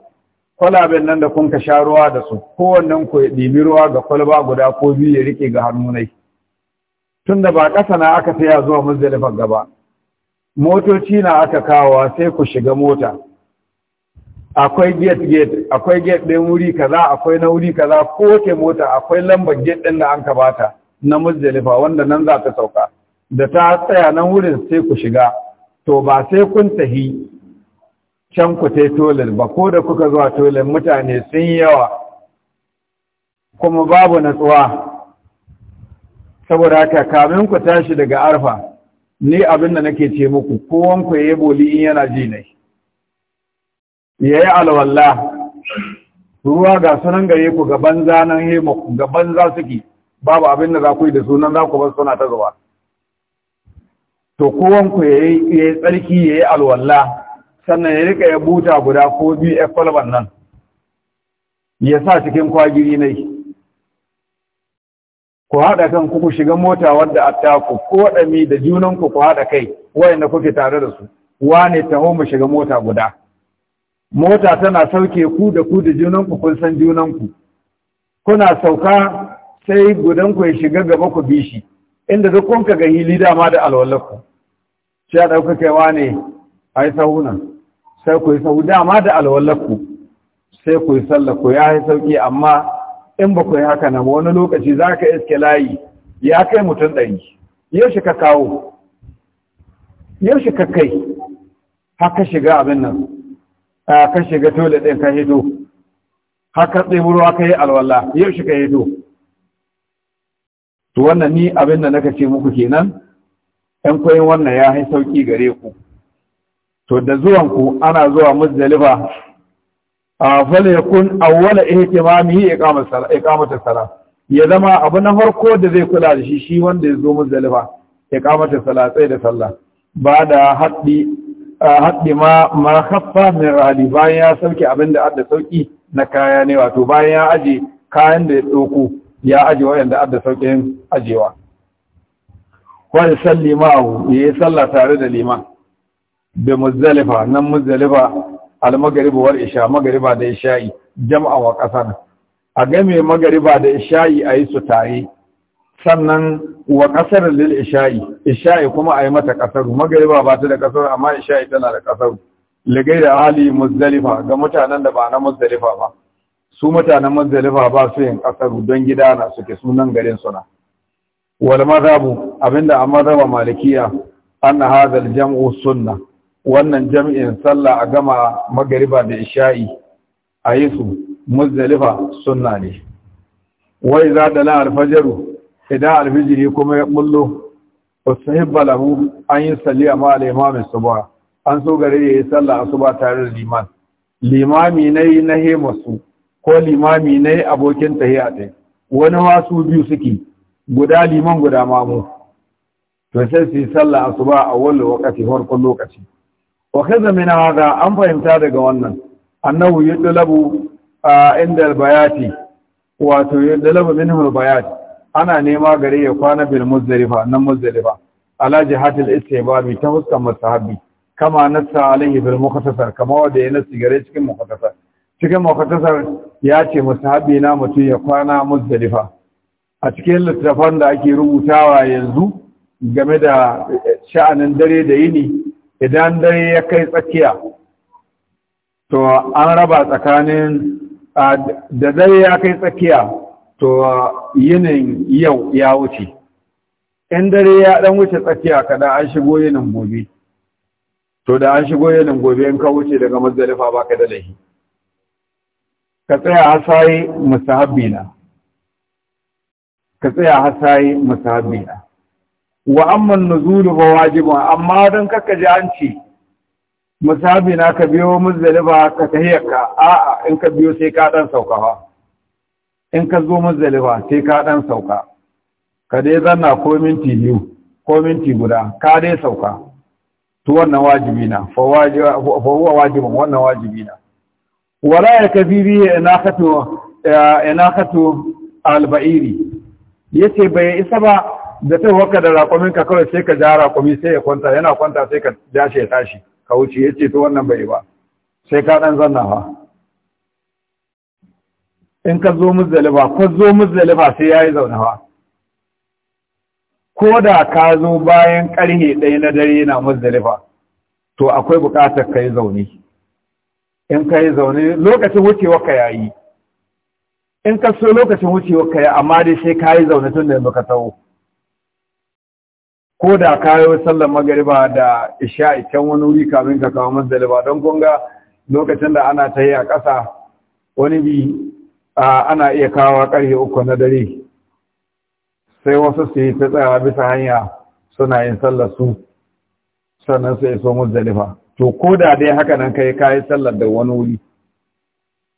S1: kwalaben nan da kun ka sha ruwa da su kowannen ku ɗibi ruwa ga kwalba guda ko biyu ya riƙe ga hannunai tun da ba ƙasa na aka saya zuwa muzdalifa gaba motoci na aka kawowa sai ku shiga mota akwai gate gate akwai gate ɗin wuri kaza akwai na wuri kaza ko ke mota akwai lambar gate ɗin da an ka bata na muzdalifa wanda nan za ta sauka da ta tsaya nan wurin sai ku shiga to ba sai kun tahi can ku tai tolin ba ko da kuka zuwa tolin mutane sun yawa kuma babu natsuwa saboda haka kamin ku tashi daga arfa ni abin da nake ce muku kowan ku yayi boli in yana ji ne yayi alwala ruwa ga sunan gare ku ga banza nan he ga banza suke babu abin da za ku yi da sunan za ku bar suna ta zuwa to kowanku ya yi tsarki ya yi alwalla sannan ya rika ya buta guda ko biyu ya kwalban nan ya sa cikin kwagiri nai ku haɗa kan ku shiga mota wadda a taku ko waɗami da junanku ku haɗa kai wayanda kuke tare da su wane taho mu shiga mota guda mota tana sauke ku da ku da junanku kun san junanku kuna sauka sai gudanku ya shiga gaba ku bi shi inda duk kun ga hili dama da alwallaku ce a wa ne a yi sahunan sai ku yi sahu dama da alwallakku sai ku yi sallah ku ya yi sauƙi amma in ba ku yi haka nan wani lokaci za ka iske layi ya kai mutum ɗari yaushe ka kawo yaushe ka kai haka shiga abin nan ka shiga tole ɗin ka hito haka tsibiru aka yi alwala yaushe ka hito to wannan ni abin da naka ce muku kenan yan koyin wannan ya yi sauƙi gare ku to da zuwan ku ana zuwa muzdalifa a fala ihe ke ma iqamatu ya kamata salat ya zama abu na farko da zai kula da shi shi wanda ya zo muzdalifa kamata salat tsaye da sallah ba da haddi ma ma min rali bayan ya sauke abinda adda sauƙi na kaya ne wato bayan ya aje kayan da ya ɗauko ya aje da adda sauƙin ajewa wani salli ma'ahu ya yi sallah tare da liman da muzdalifa nan muzdalifa al-maghrib wal isha magariba da isha'i jama'a wa qasar a game magariba da isha'i ayi su tare sannan wa ƙasar lil isha'i isha'i kuma a yi mata qasar Magariba ba ta da kasar amma isha'i tana da kasar lagai da ali muzdalifa ga mutanen da ba na muzdalifa ba su mutanen muzdalifa ba su yin qasar don gida na suke sunan garin suna wal abinda a madhaba malikiya anna hadha jam'u sunna wannan jam'in sallah a gama magariba da isha'i a yi su muzdalifa sunna ne wai za da la alfajaru idan alfijiri kuma ya bullo usahibba lahu an yi salli a al imam subha an so gare ya yi sallah asuba tare da liman limami yi na hemasu ko limami yi abokin tahiya ɗaya wani wasu biyu suke guda liman guda mamu to sai su yi sallah asuba a wani wakati farkon lokaci wa kaza min hada an fahimta daga wannan annahu yudlabu inda bayati wato yudlabu minhu albayati ana nema gare ya kwana bil muzdalifa nan muzdalifa ala jihatil istihbabi ta huskan masahabi kama nassa alaihi bil mukhtasar kama wanda ya nasi gare cikin mukhtasar cikin mukhtasar ya ce masahabi na mutum ya kwana muzdalifa a cikin littafan da ake rubutawa yanzu game da sha'anin dare da yini idan dare ya kai tsakiya to an raba tsakanin da dare ya kai tsakiya to yinin yau ya wuce in dare ya dan wuce tsakiya kada an shigo yinin gobe to da an shigo yinin gobe in ka wuce daga mazdalifa baka da lahi ka tsaya hasai mustahabbi na ka tsaya har sai musabiya wa amma nuzulu ba wajibu amma dan kaka ji an ce musabina ka biyo muzdalifa ka tahiyarka a'a in ka biyo sai ka dan sauka fa in ka zo muzdalifa sai ka dan sauka ka dai zanna ko minti biyu ko minti guda ka dai sauka to wannan wajibi na fa huwa wajibun wannan wajibi na wala ya kafi khatu eh, ina khatu al-ba'iri yace bai isa ba da sai waka da raƙumin ka kawai sai ka ja raƙumi sai ya kwanta yana kwanta sai ka ja shi ya tashi ka wuce yace to wannan bai ba sai ka dan zanna fa in ka zo muzdalifa ko zo muzdalifa sai ya yi zaunawa ko da ka zo bayan karhe ɗaya na dare na muzdalifa to akwai buƙatar ka yi zaune in ka yi zaune lokacin wucewa ka yayi in ka so lokacin wucewa ka yi amma dai sai ka yi zaune tun da yanzu ka taho ko da ka yi sallar magariba da isha'i can wani wuri kamin ka kawo ba, don kun ga lokacin da ana ta yi a ƙasa wani bi ana iya kawo ƙarfe uku na dare sai wasu su yi ta tsaya bisa hanya suna yin sallar su sannan su iso mazdaliba to ko da dai haka nan ka yi kayi sallar da wani wuri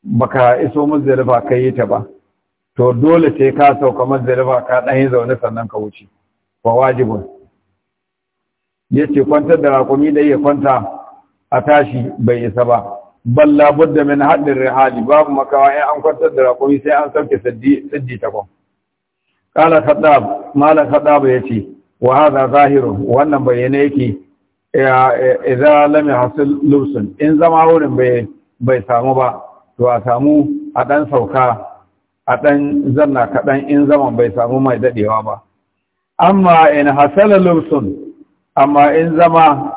S1: baka iso muzdalifa ka yi ta ba to dole sai ka sauka muzdalifa ka dan yi zaune sannan ka wuce wa wajibun ce kwantar da rakumi da ya kwanta a tashi bai isa ba balla budda min haddin rihali babu makawa in an kwantar da rakumi sai an sauke siddi takwas kala khaddab malan ya yace wa zahiru. zahiru wannan bayyana yake idza lam yahsul lubsun in zama wurin bai bai samu ba to a samu a ɗan sauka a ɗan zanna kaɗan in zama bai samu mai daɗewa ba amma in hasala lubsun amma in zama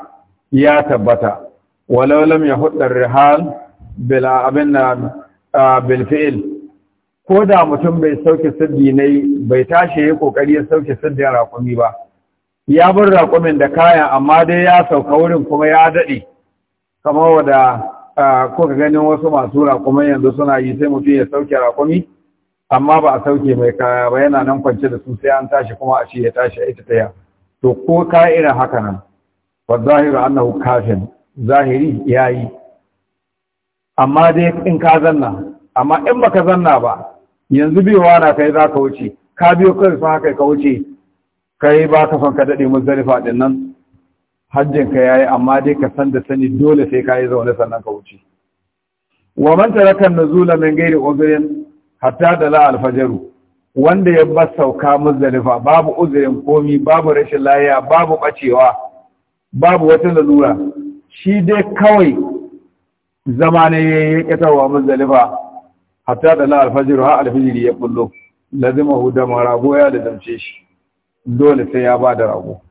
S1: ya tabbata walau lam ya hudar rihal bil abin na fi’il, ko da mutum bai sauke na ne bai tashi ya kokari ya sauke a raƙumi ba ya bin raƙumin da kayan amma dai ya sauka wurin kuma ya daɗe kamar wada ko ka ganin wasu masu raƙumi, yanzu suna yi sai mutum ya sauke raƙumi amma ba a sauke mai kaya ba yana nan kwance da su sai an tashi kuma a shi ya tashi a ita taya to ko ka irin haka nan ba zahiru annahu kafin zahiri ya yi. amma dai in ka zanna amma in baka zanna ba yanzu biyowa na kai za ka wuce ka biyo kai sun haka ka wuce kai ba ka son ka daɗe muzdalifa ɗin nan hajjin ka yayi amma dai ka san da sani dole sai ka yi zaune sannan ka wuce wa man taraka nuzula min ghairi uzrin hatta dala alfajaru wanda ya bar sauka muzdalifa babu uzrin komi babu rashin layya babu bacewa babu wata lalura shi dai kawai zama ya ya ƙetarwa muzdalifa hatta dala alfajaru ha alfajiri ya kullu lazima da rago ya da damce shi dole sai ya ba da rago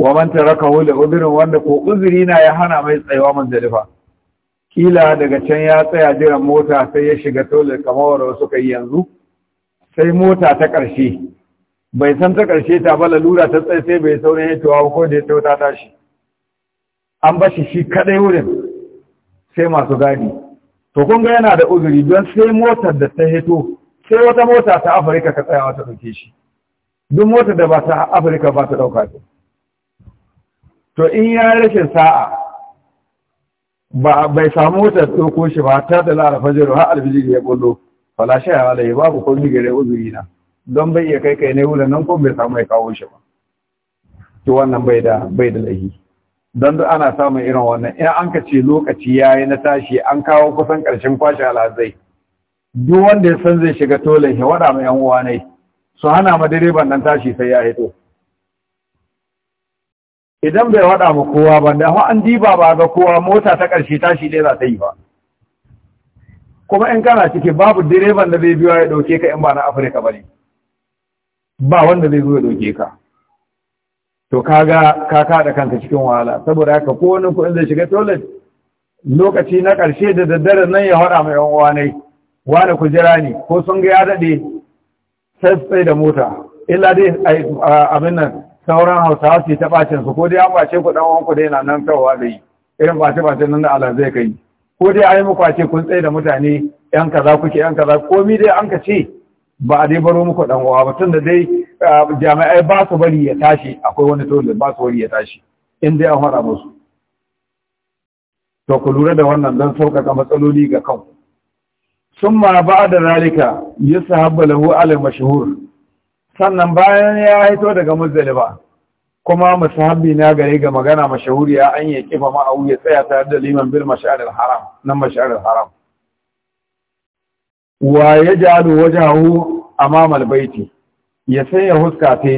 S1: wa man tarakahu li udhrin wanda ko uzuri na ya hana mai tsayawa manzalifa kila daga can ya tsaya jiran mota sai ya shiga tole kamar wasu kai yanzu sai mota ta ƙarshe bai san ta ƙarshe ta ba lalura ta tsaye sai bai saurin hitowa ko da ya tsaye ta tashi an ba shi shi kaɗai wurin sai masu gadi to kun ga yana da uzuri don sai motar da ta hito sai wata mota ta afirka ka tsayawa ta ɗauke shi duk motar da ba ta afirka ba ta ɗauka ta to in ya rashin sa'a ba bai samu wutar ɗauko shi ba ta da lara fajiru har alfijir ya kullo fala shi ya halaye babu ko gare uzuri na don bai iya kai kai ne wurin nan ko bai samu ya kawo shi ba to wannan bai da bai da laifi don duk ana samun irin wannan in an ka ce lokaci ya yi na tashi an kawo kusan ƙarshen kwashe alhazai duk wanda ya san zai shiga tolin ya waɗa ma yan uwa ne su hana ma direban nan tashi sai ya hito idan bai waɗa ma kowa ba da an diba ba ga kowa mota ta ƙarshe tashi ɗaya za ta yi ba kuma in kana ciki babu direban da zai biyo ya ɗauke ka in ba na afirka ba ne ba wanda zai zo ya ɗauke ka to kaga ka kaɗa kanka cikin wahala saboda haka ko wani kuɗin zai shiga toilet lokaci na ƙarshe da daddare nan ya haɗa mai yan uwa wani ku jira ne ko sun ga ya daɗe sai da mota illa dai abin nan sauran hausawa su ta bacin su ko dai an bace ku ɗan ku dai na nan da dai irin bace bace nan da Allah zai kai ko dai ayi muku ace kun tsaye da mutane yan kaza kuke yan kaza komi dai an ka ce ba a dai baro muku ɗan uwa ba tunda dai jami'ai ba su bari ya tashi akwai wani tole ba su bari ya tashi in dai an fara musu to ku lura da wannan don sauƙaƙa matsaloli ga kanku summa ba'da zalika yusahabbu lahu al mashhur sannan bayan ya haito daga muzdalifa kuma musahabi na gare ga magana mashahuriya an yi kifa ma'au ya tsaya tare da liman bil mashar haram nan mashar haram wa ya yaj'alu wajhahu amama al-baiti ya ya huska ta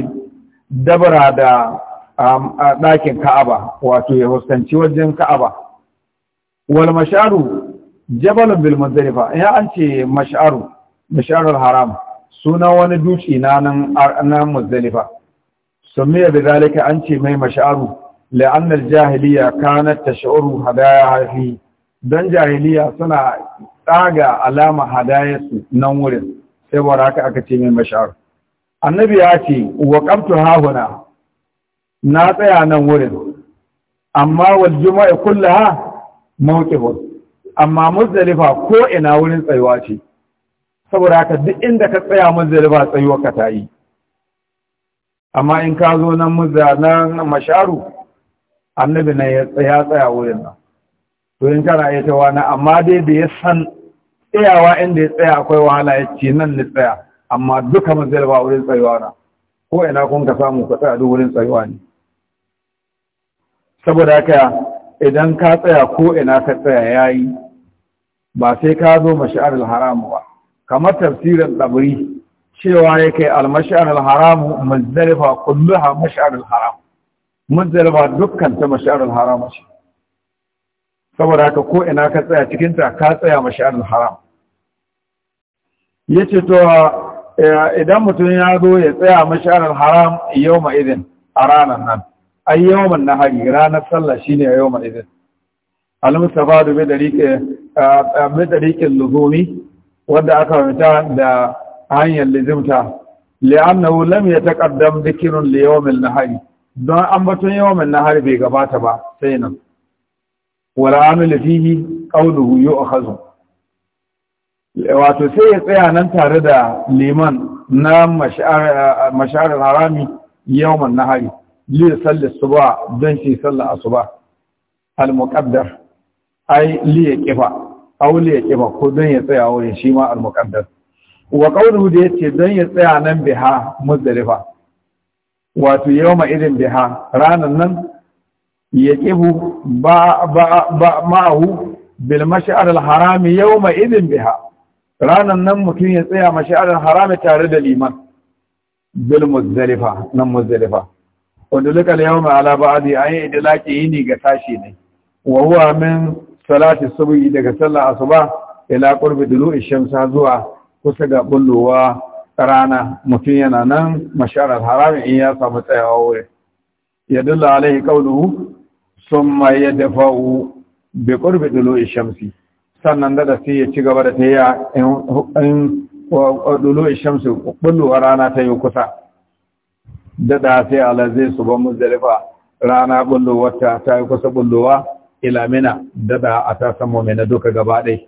S1: dabara da um, ɗakin Ka'aba wato ya huskanci wajen Ka'aba wal masharu jabalun bil muzdalifa ya an ce masharu masharul haram suna wani dutse na nan nan muzdalifa sumiya bi zalika an ce mai mash'aru la'an al-jahiliya kanat tash'uru hadaya hafi dan jahiliya suna tsaga alama su nan wurin sai waraka aka ce mai mash'aru annabi ya ce waqamtu hahuna na tsaya nan wurin amma wal juma'a kullaha mawqifun amma muzdalifa ko ina wurin tsayuwa ce saboda haka duk inda ka tsaya ba tsayuwa ka ta yi amma in ka zo nan muzda nan masharu annabi na ya tsaya wurin nan to in kana iya ta wani amma dai da ya san tsayawa inda ya tsaya akwai wahala ya ce nan ni tsaya amma duka ba wurin tsayuwa na ko ina kun ka samu ka tsaya duk wurin tsayuwa ne saboda haka idan ka tsaya ko ina ka tsaya yayi ba sai ka zo mashar haramu haram ba kamar tafsirin tsabiri cewa ya kai almashar alharamu mazdalifa kulluha mashar alharamu mazdalifa dukkan ta mashar alharamu ce saboda haka ko ina ka tsaya cikinta ka tsaya mashar alharamu ya ce to eh, idan mutum ya zo ya tsaya mashar alharam yau ma idin a ranar nan ai yau na hari ranar sallah shi shine yau ma idin al-mustafa da bi dariqin eh, luzumi wadda aka fita da hanyar lizimta li'annahu lam yataqaddam dhikrun li yawmil nahari don ambaton yawmil nahari bai gabata ba sai nan wala amil fihi qawluhu yu'khadhu wato sai ya tsaya nan tare da liman na mashar harami yawmil nahari li salli suba don shi sallar asuba al muqaddar ai li kifa. aule ya ƙiba ko don ya tsaya wurin shi ma al-muqaddas wa qawluhu da yace don ya tsaya nan biha muzdalifa wato yawma idin biha ranan nan ya ƙibu ba ba ma'ahu bil mash'ar al-harami yawma idin biha ranan nan mutum ya tsaya mash'ar al-harami tare da liman bil muzdalifa nan muzdalifa wanda lukal yawma ala ba'di ayi idlaqi yini ga tashi ne wa huwa min salati subhi daga sallar asuba ila qurbi dulu'i shamsi zuwa kusa ga bullowa rana mutum yana nan masharar haram in ya samu tsayawa wurin yadullu alaihi qawluhu summa yadfa'u bi qurbi dulu'i shamsi sannan da sai ya ci gaba da tayya in dulu'i shamsi bullowa rana ta yi kusa da da sai ala zai mu muzdalifa rana bullowa ta yi kusa bullowa ila mina dada a tasan na duka gaba ɗai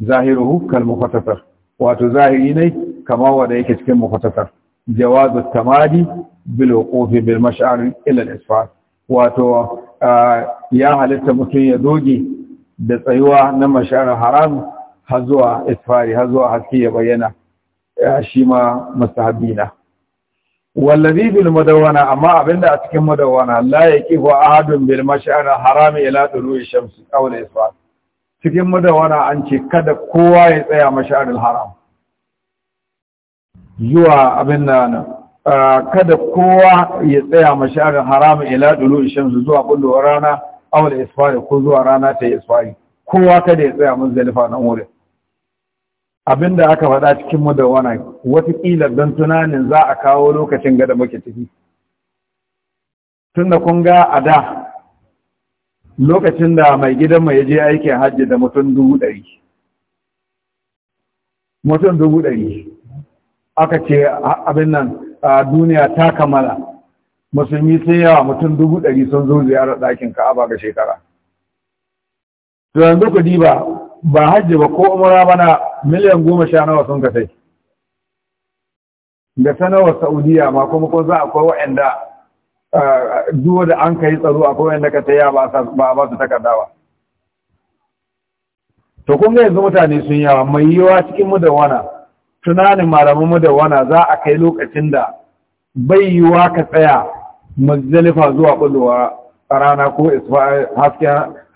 S1: zahiru kal mukhtasar wato zahiri ne kama wanda yake cikin mukhtasar jawazu tamadi bil wuqufi bil mash'ar ila al isfar wato ya halitta mutum ya doge da tsayuwa na mash'ar haram har zuwa isfari har zuwa haske ya bayyana shi ma mustahabbi wallazi bil madawana amma abinda a cikin madawana la yaqifu ahadun bil mash'ar haram ila tulu'i shamsi aw la isfar cikin madawana an ce kada kowa ya tsaya mash'ar al haram zuwa abinda nan kada kowa ya tsaya mash'ar al haram ila tulu'i shamsi zuwa kullu rana aw la ko zuwa rana ta isfari kowa kada ya tsaya mun zalifa nan wurin Abin da aka faɗa cikin mu da wani watakila don tunanin za a kawo lokacin gada muke ciki tun da kun ga a da lokacin da mai gidan mai je aikin hajji da mutum dubu ɗari mutum dubu ɗari aka ce abin nan a duniya ta kammala musulmi sun yawa mutum dubu ɗari sun zo ziyarar ɗakin ka'aba ga shekara to yanzu ku diba ba hajji ba ko umara bana miliyan goma sha nawa sun ka sai da sanarwar saudiya ma kuma ko za akwai wa'anda duwa da an ka yi tsaro akwai wa'anda ka ya ba ba su takarda ba to kun ga yanzu mutane sun yawa mai yiwa cikin mu da wana tunanin malaman mu da wana za a kai lokacin da bai yiwa ka tsaya mazalifa zuwa bullowa rana ko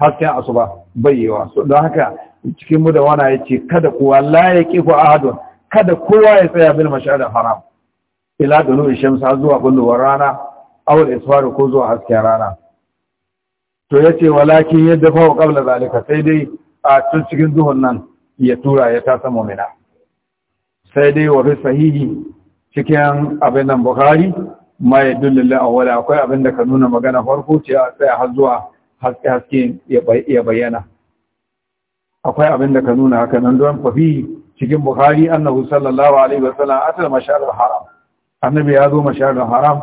S1: hasken asuba bai yiwa don haka cikin mu da wana ya ce, kada kowa la ku ahadun kada kowa ya tsaya bil mashar haram ila dulu shamsa zuwa bulluwar rana awal isfar ko zuwa hasken rana to yace walakin yadda fa kabla zalika sai dai a tun cikin zuhun nan ya tura ya tasa mumina sai dai wa sahihi cikin abin nan bukhari mai akwai abin da ka nuna magana farko ce a tsaya har zuwa haske haske ya bayyana akwai abin da ka nuna haka nan don fafi cikin Buhari, annahu sallallahu alaihi wasallam atal mashar haram annabi ya zo mashar haram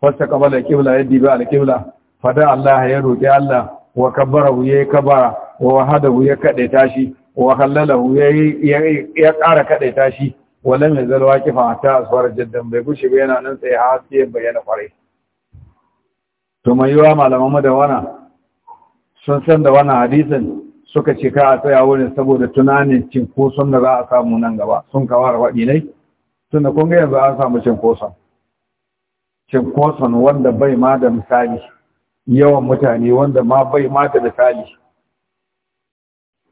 S1: fasta qabala qibla yaddi bi al qibla fada allah ya roki allah wa kabbara yayi kabara wa wahadahu ya kadaita tashi, wa hallalahu yayi ya kara kade tashi wa lam yazal waqifa hatta asfar jaddan bai gushi ba yana nan sai haske bayyana fare to mai yawa malaman madawana sun san da wannan hadisin suka ce ka tsaya wurin saboda tunanin cinkoson da za a samu nan gaba sun kawar waɗi ne tun da kunga yanzu an samu cinkoson cinkoson wanda bai ma da misali yawan mutane wanda ma bai ma da misali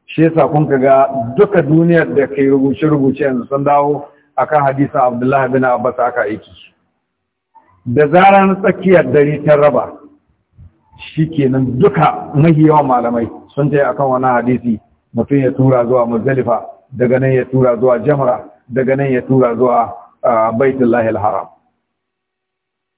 S1: shi yasa kun ga duka duniyar da kai rubuce-rubuce yanzu sun dawo akan hadisin abdullahi bin abbas aka aiki da zaran tsakiyar dare ta raba Shikenan duka mahi yawan malamai sun ta kan wani hadisi mutum ya tura zuwa Muzalifa, daga nan ya tura zuwa jamra daga nan ya tura zuwa lahil haram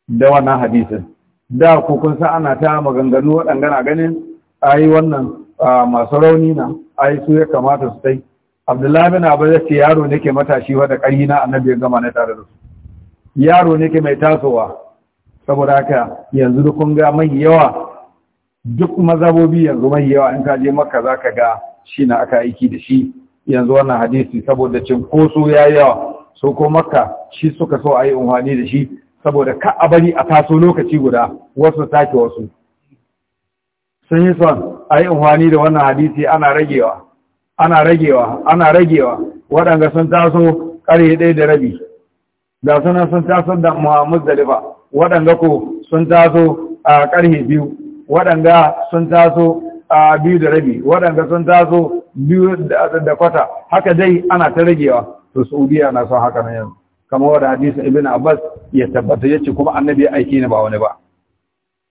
S1: da wannan hadisin da ku kun ana ta maganganu waɗangana ganin A yi wannan masu rauni na yi su ya kamata su tai abdullahi bin abu zai ce yaro ke matashi wata ƙari na annabi ya gama na tare da su yaro ne ke mai tasowa saboda haka yanzu da kun ga mai yawa duk mazabobi yanzu mai yawa in ka je maka za ka ga shi na aka aiki da shi yanzu wannan hadisi saboda cinkoso ya yi yawa so ko maka shi suka so a yi umarni da shi saboda ka a bari a taso lokaci guda wasu sake wasu sun yi son a yi umarni da wannan hadisi ana ragewa ana ragewa ana ragewa waɗanda sun taso ƙarfe ɗaya da rabi da sunan sun taso da muhammad da waɗanda ko sun taso a ƙarfe biyu waɗanga sun taso a biyu da rabi waɗanda sun taso biyu da kwata haka dai ana ta ragewa to saudiya na son haka na yanzu kama wadda hadisun ibn abbas ya tabbata ya ce kuma annabi ya aiki ne ba wani ba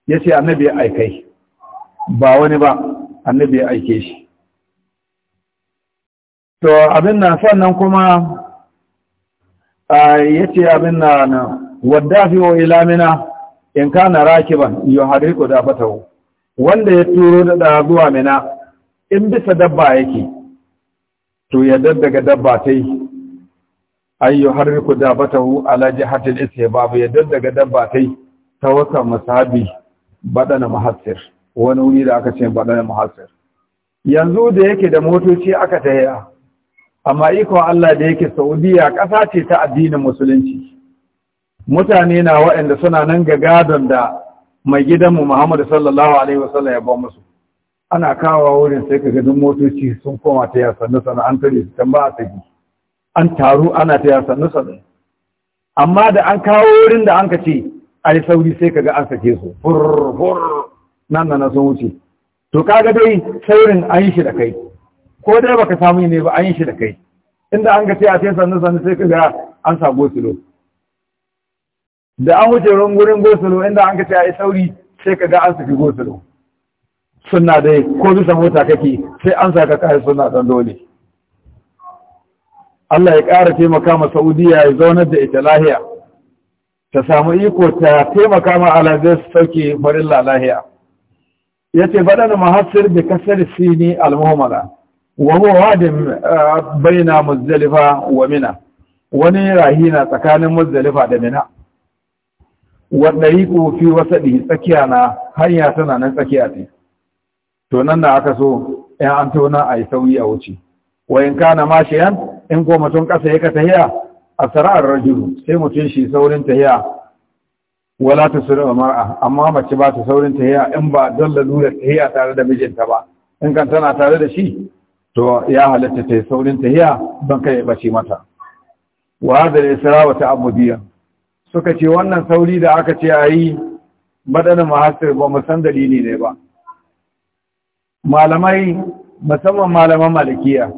S1: ya ce annabi ya aikai ba wani ba annabi ya aike shi to abin nan sannan kuma ya ce abin nan wadda fi wa ilamina in kana rakiban yohariku da fatawo wanda ya turo da ɗa zuwa mina in bisa dabba yake to ya daddaga dabba ta yi ayyu har ku hu? ala isa babu ya daddaga dabba ta yi ta wata musabi baɗana muhassir wani wuri da aka ce baɗana muhassir yanzu da yake da motoci aka ta tahiya amma iko Allah da yake Saudiya ƙasa ce ta addinin musulunci mutane na waɗanda suna nan ga gadon da mai gidanmu Muhammadu sallallahu alaihi wasallam ya ba musu ana kawo wurin sai kaga duk motoci sun koma ta yasa na an tare su can ba a tafi an taru ana ta yasa nusa sana amma da an kawo wurin da an ka ce yi sauri sai kaga an sake su fur nan nan sun wuce to kaga dai saurin an yi shi da kai ko dai baka samu ne ba an yi shi da kai inda an ga sai a ce sannu sannu sai kaga an samu silo da an wuce gurin gosulo inda an ka ai sauri sai ka ga an saki gosulo sunna dai ko bisa mota kake sai an saka kai suna dan dole Allah ya ƙara taimaka ma Saudiya ya zaunar da ita lahiya ta samu iko ta taimaka ma alazai su sauke farin lahiya ya ce faɗaɗa mahassir da kasar sini al-muhammala wa wadin baina muzdalifa wa mina wani rahina tsakanin muzdalifa da mina wadari ko fi wasaɗi tsakiya na hanya tana nan tsakiya ce to nan na aka so ‘yan an tona a yi sauyi a wuce wayan mashi yan? in ko mutum ƙasa ya ka tahiya a sara'ar rajulu sai mutum shi saurin tahiya wala ta sura mar'a amma mace ba ta saurin tahiya in ba don ta tahiya tare da mijinta ba in kan tana tare da shi to ya halatta ta yi saurin tahiya don kai ya bace mata wa ya sara wata abubuwan. suka ce wannan sauri da aka ce a yi madanin mahasir ba musan dalili ne ba malamai musamman malaman malikiya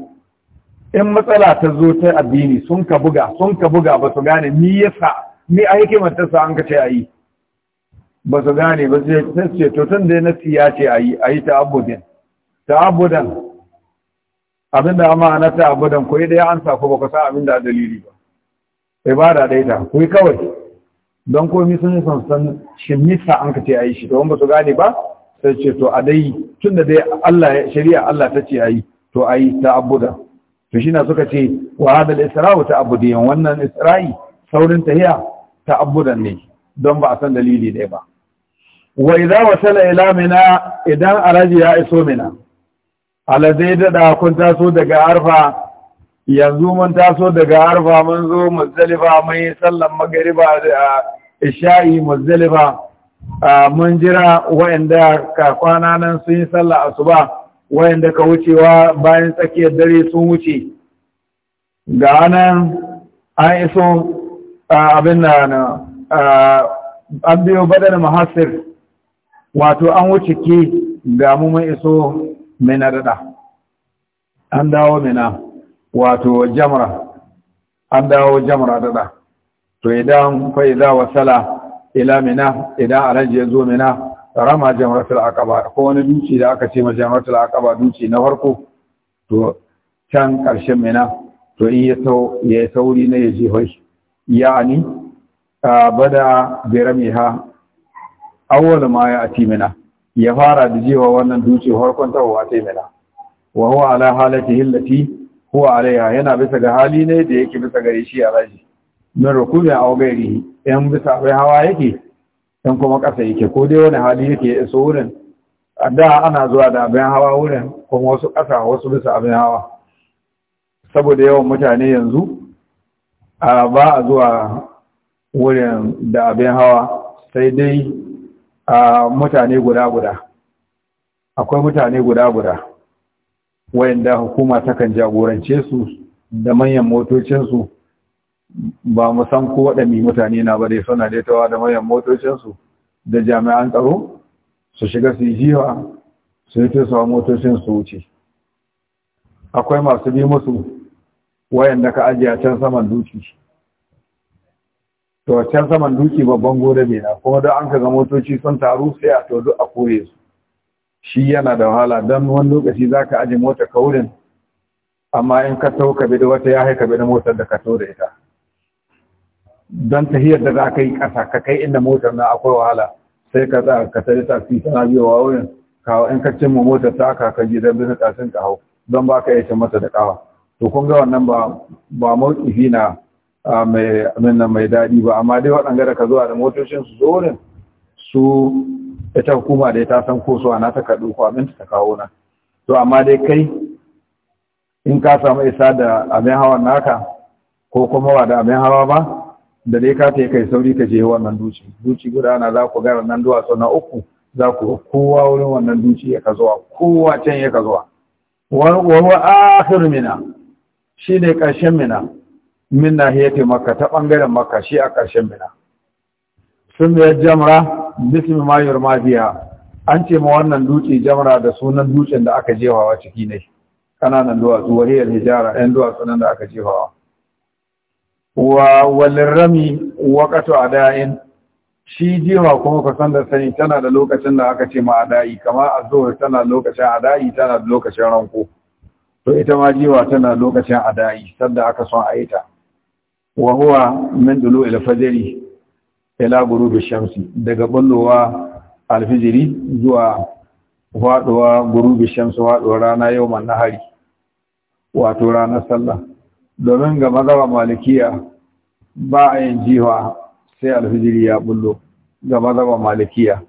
S1: in matsala ta zo ta addini sun ka buga sun ka buga ba su gane ni yasa ni a hikimar ta an ka ce a yi ba su gane ba su ce to tun da nasi ya ce a yi a yi ta'abudin abin da amma na ta'abudan ko yi ɗaya an sa ku ba ku sa abin da dalili ba ibada ɗaya ta ku yi kawai don komi sun yi sansan shimmisa misa an ka ce a yi shi to ba su gane ba sai ce to a dai tun da dai Allah shari'a Allah ta ce a yi to a yi ta abuda to shi na suka ce wa hadal isra'u ta abudiyan wannan isra'i saurin tahiya ta abudan ne don ba a san dalili ne ba wa idza wasala ila mina idan araji ya iso mina ala zai dada kun taso daga arfa yanzu mun taso daga arfa mun zo muzdalifa mun yi sallan magariba da isha'i muzdalifa mun jira wayanda ka kwana nan sun yi sallah asuba wayanda ka wucewa bayan tsakiyar dare sun wuce ga nan an iso abin na an biyo badal muhassir wato an wuce ke ga mu mun iso mai na an dawo na. wato jamra an dawo jamra da to idan fa idza wasala ila mina idan alhaji ya zo mina rama jamratul aqaba ko wani duci da aka ce ma jamratul aqaba duci na farko to can karshen mina to in ya tau ya sauri na yaji hoy yani bada ramiha awwal ma ya ati mina ya fara da jewa wannan duci farkon tawo ta mina wa huwa ala halatihi allati huwa alaiha yana bisa ga hali ne da yake bisa gare shi a raji min rukumi a wagairi yan bisa abin hawa yake yan kuma ƙasa yake ko dai wani hali yake ya iso wurin a da ana zuwa da abin hawa wurin kuma wasu ƙasa wasu bisa abin hawa saboda yawan mutane yanzu a ba a zuwa wurin da abin hawa sai dai a mutane guda-guda akwai mutane guda-guda wayanda hukuma takan jagorance su da manyan motocinsu ba mu san ko waɗanne mutane na ba dai suna daitawa da manyan motocinsu da jami'an tsaro su shiga su yi jiwa su yi tusawa motocin su wuce akwai masu bi musu wayanda ka a can saman duki to can saman duki babban gobe na kuma don an ka ga motoci sun taru sai a to duk a koye su shi yana da wahala don wani lokaci za ka aji mota ka amma in ka tau ka bida wata ya haika bida motar da ka tau da ita don ta hiyar da za ka yi ƙasa ka kai inda motar na akwai wahala sai ka tsaya ka tare taksi tana wa wurin kawo in ka mu motar ta aka ka ji don bisa tasin ka hau don ba ka iya cin mata da kawa to kun ga wannan ba ba na mai mai daɗi ba amma dai waɗanda da ka zuwa da motocin su zo su ita hukuma dai ta san ko suwa na ta kaɗu ko abin ta kawo na to amma dai kai in ka samu isa da abin hawan naka ko kuma wa da abin hawa ba da dai ka ta kai sauri ka je wannan duci duci guda na za ku gara nan duwatsu na uku za ku kowa wurin wannan duci ya ka zuwa kowa can ya ka zuwa wani akhir mina shi ne ƙarshen mina min nahiyati maka ta bangaren maka shi a ƙarshen mina sun ya jamra bismi mayur mafiya. an ce ma wannan dutse jamara da sunan dutsen da aka jefawa ciki ne kananan duwatsu wariyar hijara ɗan duwatsu nan da aka jefawa. wa walin rami waƙato a da'in shi jewa kuma ka san da sani tana da lokacin da aka ce ma a da'i kama a zuwa tana lokacin a da'i tana da lokacin ranko to ita ma jewa tana lokacin a da'i sadda aka son a yi ta wa huwa min dulu ilfajiri ila gurubi shamsi daga ballowa alfijiri zuwa faduwa gurubi shamsi faduwa rana man nahari wato ranar sallah domin ga mazaba malikiya ba a yin jiwa sai alfijiri ya bullo ga mazaba malikiya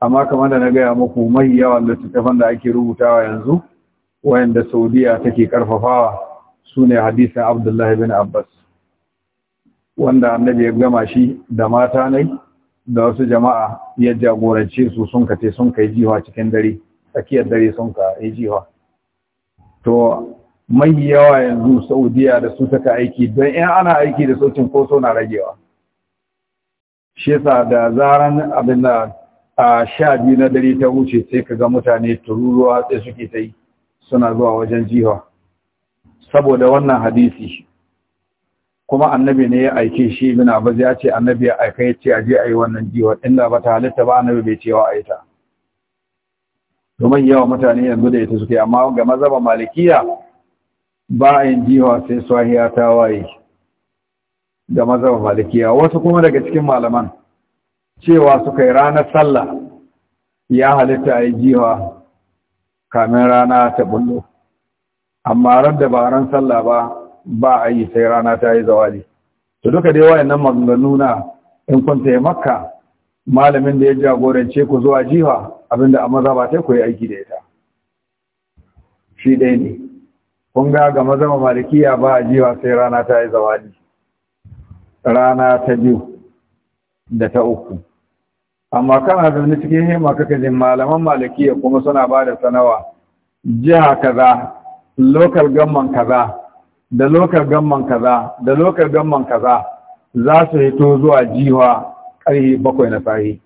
S1: amma kamar da na gaya muku mai yawan littattafan da ake rubutawa yanzu wayanda saudiya take karfafawa sune ne hadisin abdullahi bin abbas wanda annabi ya gama shi da mata ne da wasu jama'a ya jagorance su sun kace sun kai jiwa cikin dare tsakiyar dare sun ka yi jiwa to mai yawa yanzu saudiya da su taka aiki don in ana aiki da sautin ko na ragewa shi yasa da zaran abin da a sha biyu na dare ta wuce sai ka ga mutane tururuwa sai suke ta yi suna zuwa wajen jiwa saboda wannan hadisi kuma annabi ne ya aike shi mina ba ya ce annabi ya aika ya ce aje ayi wannan jiwa inda ba ta halitta ba annabi bai cewa ayi ta domin yawa mutane yanzu da ita suke amma ga mazhaban malikiya ba a yin jiwa sai swahiya ta waye ga mazhaban malikiya wasu kuma daga cikin malaman cewa suka yi ranar sallah ya halitta ayi jiwa kamin rana ta bullo amma ran da ba ran sallah ba ba a yi sai rana ta yi zawali to duka dai nan maganganu na in kun ya makka malamin da ya jagorance ku zuwa jiha abinda a maza ba ta ku yi aiki da ita shi ɗaya ne kun ga ga maza malikiya ba a jiha sai rana ta yi zawali rana ta biyu da ta uku amma kana zaune cikin hema kaka jin malaman malikiya kuma suna ba da sanawa jiha kaza local gamman kaza da lokar gamman kaza da lokar gamman kaza za su hito zuwa jiwa ƙarfe bakwai na sahi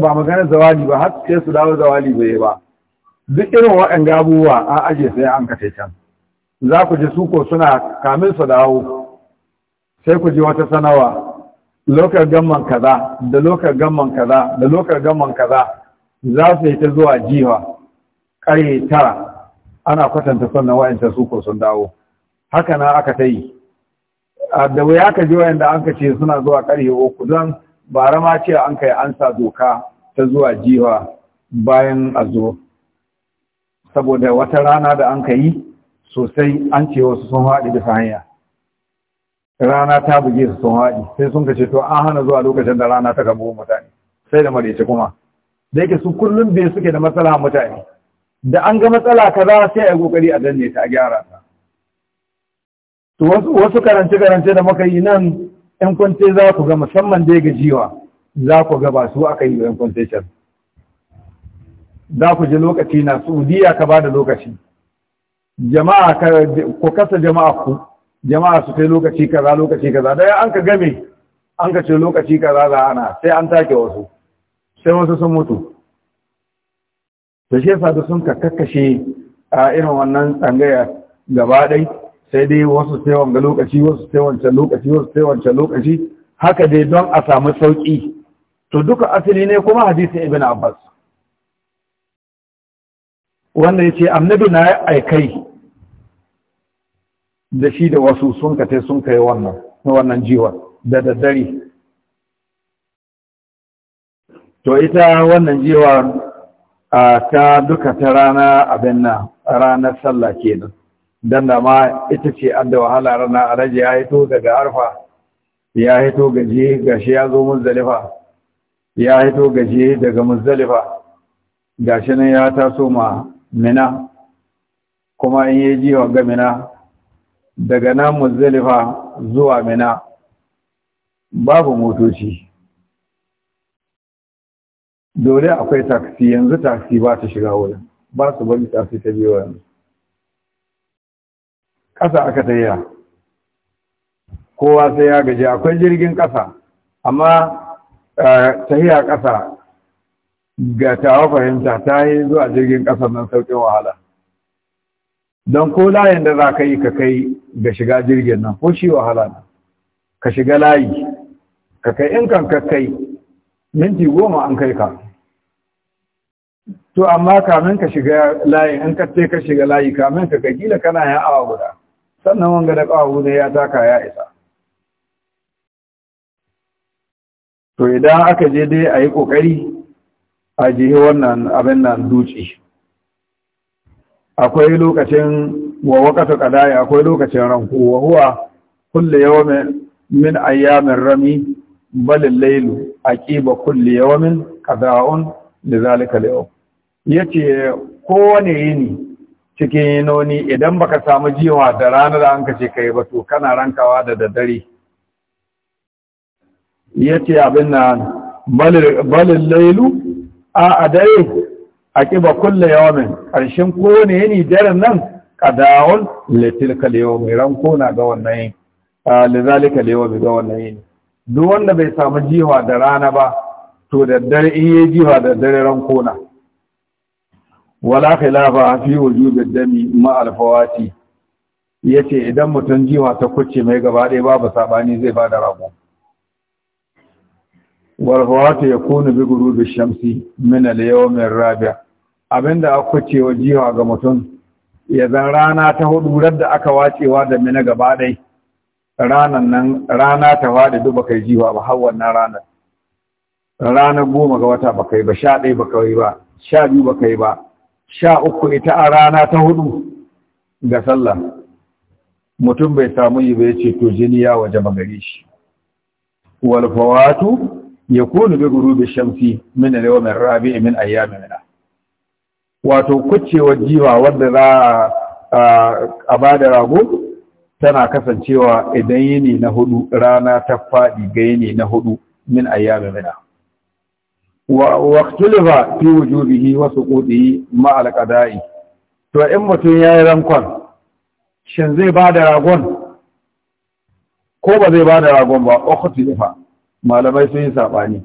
S1: ba maganar zawali ba har sai su dawo zawali bai ba duk irin waɗanda gabuwa a aje sai an kace can za ku ji suko suna kamin su dawo sai ku ji wata sanawa lokar gamman kaza da lokar gamman kaza da lokar gamman kaza za su yi ta zuwa jiwa ƙarfe tara ana kwatanta sannan wa'ancan su ko sun dawo haka na aka ta yi da wuya ka ji wayanda an ka ce suna zuwa karye uku don bara ma ce an kai an sa doka ta zuwa jiwa bayan zo saboda wata rana da an ka yi sosai an ce wasu sun haɗi bisa hanya rana ta buge su sun haɗi sai sun ka ce to an hana zuwa lokacin da rana ta gabo mutane sai da marece kuma da yake su kullum bai suke da matsala mutane da an ga matsala kaza sai a kokari a danne ta a gyara ta to wasu karance karance da muka yi nan yan kwance za ku ga musamman dai ga jiwa za ku ga ba su aka yi yan kwance can za ku ji lokaci na saudiya ka ba da lokaci jama'a ku kasa jama'a ku jama'a su kai lokaci kaza lokaci kaza da an ka game an ka ce lokaci kaza za ana sai an take wasu sai wasu sun mutu da shi yasa da sun kakkashe a irin wannan tsangaya gaba ɗai sai dai wasu sai wanga lokaci wasu sai wancan lokaci wasu sai wancan lokaci haka dai don a samu sauƙi to duka asali ne kuma hadisi ibn abbas wanda ya ce annabi na ya aikai da shi da wasu sun ka sun kai wannan wannan jiwa da daddare to ita wannan jiwa ta duka ta rana abin nan ranar sallah kenan dan da ma ita ce adda wahala rana a raje ya hito daga arfa ya hito gaje gashi ya zo muzdalifa ya hito gaje daga muzdalifa gashi nan ya taso ma mina kuma in yi jiwa ga mina daga nan muzdalifa zuwa mina babu motoci dole akwai taksi yanzu taksi ba ta shiga wurin ba su bari taksi ta biyo yanzu ƙasa aka tayya kowa sai ya gaji akwai jirgin ƙasa amma eh, tahiya ƙasa ga tawa fahimta ta yi zuwa jirgin ƙasa nan sauƙin wahala don ko layin da za ka yi ka kai ga shiga jirgin nan ko shi wahala ka shiga layi ka kai in kan ka kai minti goma an kai ka to amma kamin ka shiga layi an kace ka shiga layi kamin ka ka gila kana ya awa guda sannan wanga da kawo ne ya taka ya isa to idan aka je dai a yi ƙoƙari a jihe wannan abin nan duci. akwai lokacin wa wakata kadaya akwai lokacin ranku wa huwa kullu yawmin min ayyamin rami bal al-laylu aqiba kulli yawmin qada'un li zalika al-yawm yace kowane yini cikin yinoni idan baka samu jiwa da ranar an kace kai ba to kana rankawa da daddare yace abin nan bal al-laylu a adare aqiba kulli yawmin karshen kowane yini daren nan qada'un li tilka al-yawm rankona ga wannan yin لذلك ga wannan والنهين duk wanda bai samu jiwa da rana ba to da dare in yi jiwa da dare ran kona wala khilafa fi wujubi dami ma alfawati yace idan mutum jiwa ta kuce mai gaba ɗaya babu sabani zai bada rago wal fawati yakunu bi da shamsi min al yawm ar rabi' abinda akuce wa jiwa ga mutum ya zan rana ta hudu da aka wacewa da mina gaba ɗaya ranan nan rana ta faɗi duk baka yi jiwa ba har wannan ranar ranar goma ga wata baka yi ba sha ɗaya baka yi ba sha biyu baka yi ba sha uku ita a rana ta hudu ga sallah mutum bai samu yi ba ya ce to jini ya waje magari shi wal fawatu yakunu bi ghurubi shamsi min al-yawm ar-rabi' min ayyamina wato kucewar jiwa wanda za a bada rago tana kasancewa idan yini na hudu rana ta faɗi ga yini na hudu min ayyami mina wa waqtilifa fi wujubihi wa suqutihi ma alqada'i to in mutun yayi rankon shin zai bada ragon ko ba zai bada ragon ba waqtilifa malamai sun yi sabani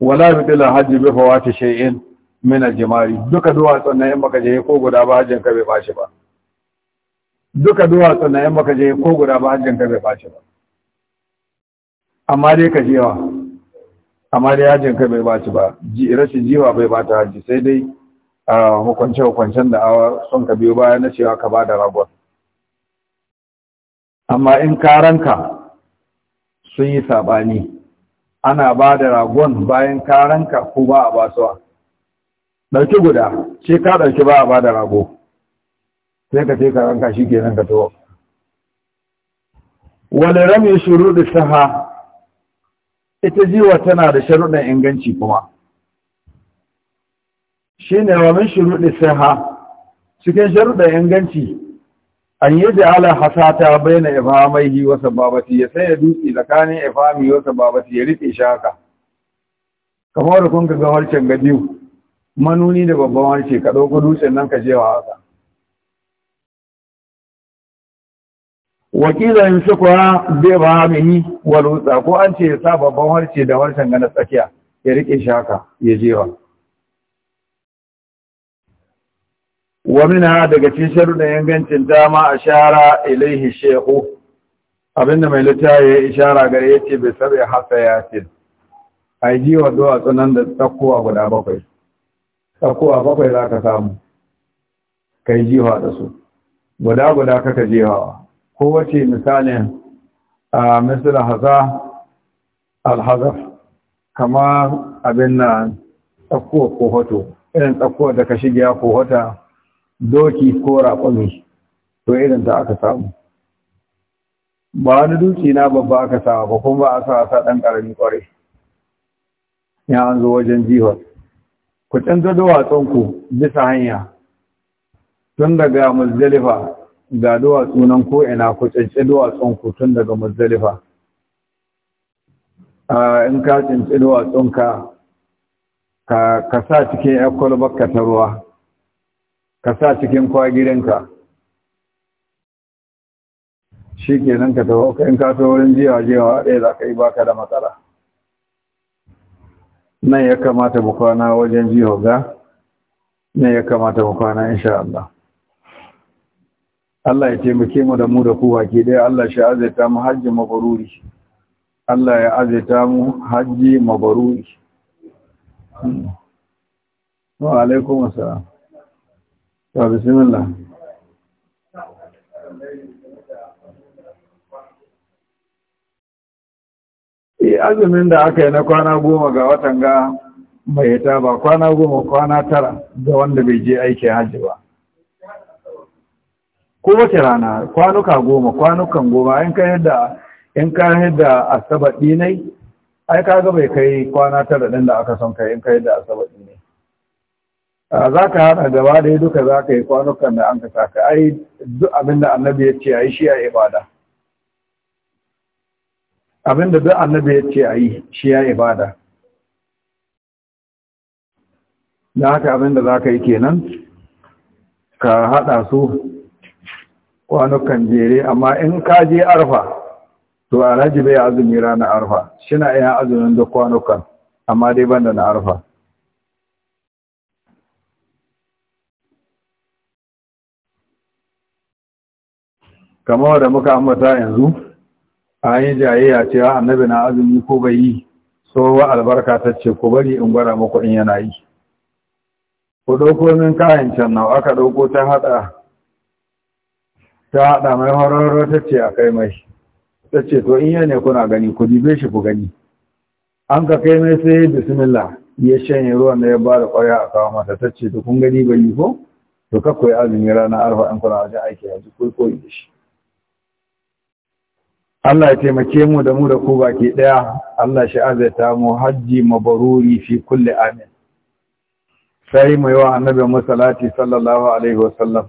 S1: wala bidila hajji bi fawati shay'in min al jimari duka duwatsan nan in baka je ko guda ba hajjin ka bai bashi ba duka duwatsu na yan baka je ko guda ba hajjin ka bai bace ba amma dai ka jewa amma dai hajjin ka bai bace ba rashin jiwa bai bata hajji sai dai a hukunce hukuncen da awa son ka biyo baya na cewa ka ba da ragon amma in karanka sun yi saɓani ana ba da ragon bayan karanka ko ba a basuwa ɗauki guda ce ka ɗauki ba a ba da rago sai ka teka ranka shi nan ka tawo wani rami shuruɗi saha ita jiwa tana da sharuɗin inganci kuma shi ne ramin shuruɗi saha cikin sharuɗin inganci an yi da ala hasata bai na yi wasa babati ya ya dutse tsakanin ifami wasa babati ya riƙe shaka kamar kun ka ga harcen gadiyu manuni da babban harce ka ɗauko dutsen nan ka je wa haka Waƙila yin shukura zai ba yi walutsa ko an ce ya sa babban harshe da harshen gana tsakiya ya riƙe shi haka ya jewa wamina daga cikin da yangancin dama a shara ilaihi sheku abinda mai littafi ya yi ishara gare ya ce bai sabai hasa ya ce a yi wa zuwa tsanan da tsakkowa guda bakwai tsakkowa bakwai za ka samu ka yi jiwa da su guda guda kaka jihawa kowace misalin a misalin haza alhazaf kamar abin na tsakkuwa ko irin tsakkuwa da ka shiga ko doki ko raƙumi to irin ta aka samu ba wani duki na babba aka samu ba kuma ba a sa ɗan ƙarami ƙwarai ya an zo wajen jihar ku canza duwatsunku bisa hanya tun daga muzdalifa ga duwatsu nan ko ina ku cinci duwatsun ku tun daga muzdalifa in ka cinci duwatsunka, ka ka sa cikin yan kwalbarka ta ruwa ka sa cikin kwagirinka shi ke nan ka taho in ka taho wurin jiya jiya ɗaya za ka yi baka da matsala nan ya kamata mu kwana wajen jiya ga nan ya kamata mu kwana insha Allah Allah ya taimake mu da mu da kowa ke dai Allah shi azaita mu hajji mabaruri Allah ya azaita mu hajji mabaruri wa alaikum assalam wa bismillah eh, azumin da aka yi na kwana goma ga watan ga mai ta ba kwana goma kwana tara ga wanda bai je aiki hajji ba ko wace rana kwanuka goma kwanukan goma in ka yadda in ka yadda asabar dinai ai ka ga bai kai kwana tara din da aka son kai in ka yadda asabar dinai za ka hada gaba da duka za ka yi kwanukan da an ka saka ai duk abinda annabi ya ce ai shi ya ibada abinda duk annabi ya ce ai shi ya ibada da haka abinda za ka yi kenan ka hada su kwanukan jere amma in ka je arfa to alhaji bai azumi rana arfa shina iya azumin duk kwanukan amma dai banda na arfa kamar da muka ambata yanzu a yi jayayya cewa annabi na azumi ko bai yi tsohuwa albarka ta ce ko bari in gwada maku in yana yi ku ɗauko min kayan can nawa aka ɗauko ta haɗa ta haɗa mai horarwa ta ce a kai mai ta ce to in ne kuna gani ku dibe shi ku gani an ka kai mai sai bismillah ya shanye ruwan da ya ba da ƙwarya a kawo mata ta ce to kun gani ba yi ko to ka koyi azumi rana arfa in kuna wajen aiki a ji koyi koyi da shi Allah ya taimake mu da mu da ku baki ɗaya Allah shi azaita mu hajji mabaruri fi kulli amin sai mu yi wa annabi musallati sallallahu alaihi wasallam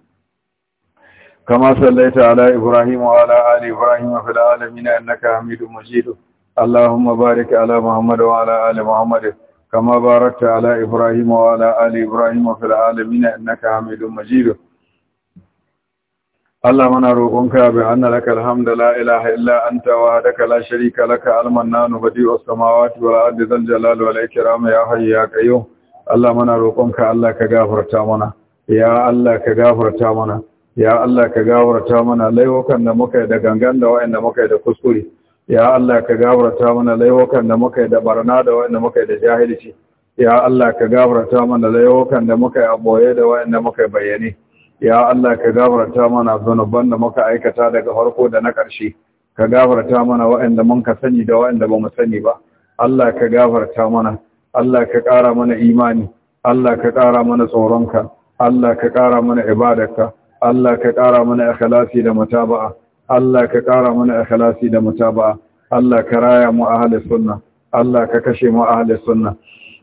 S1: كما صليت على إبراهيم وعلى آل إبراهيم في العالمين أنك حميد مجيد اللهم بارك على محمد وعلى آل محمد كما باركت على إبراهيم وعلى آل إبراهيم في العالمين أنك حميد مجيد اللهم نروقك بأن لك الحمد لا إله إلا أنت وحدك لا شريك لك المنان بديع السماوات والأرض ذا الجلال والإكرام يا حي يا قيوم اللهم نروقك الله كغفرت منا يا الله كغفرت منا ya Allah ka gawarta mana laifukan da muka yi da gangan da wa'anda muka yi da kuskure ya Allah ka gawarta mana laifukan da muka yi da barna da wa'anda muka yi da jahilci ya Allah ka gawarta mana laifukan da muka yi a boye da wa'anda muka yi bayyane ya Allah ka gawarta mana zanuban da muka aikata daga farko da na ƙarshe ka gawarta mana wa'anda mun ka sani da wa'anda ba mu sani ba Allah ka gawarta mana Allah ka ƙara mana imani Allah ka ƙara mana tsoronka Allah ka ƙara mana ibadarka Allah ka ƙara mana ikhlasi da mutaba'a Allah ka ƙara mana ikhlasi da mutaba'a Allah ka raya mu ahli sunna Allah ka kashe mu ahli sunna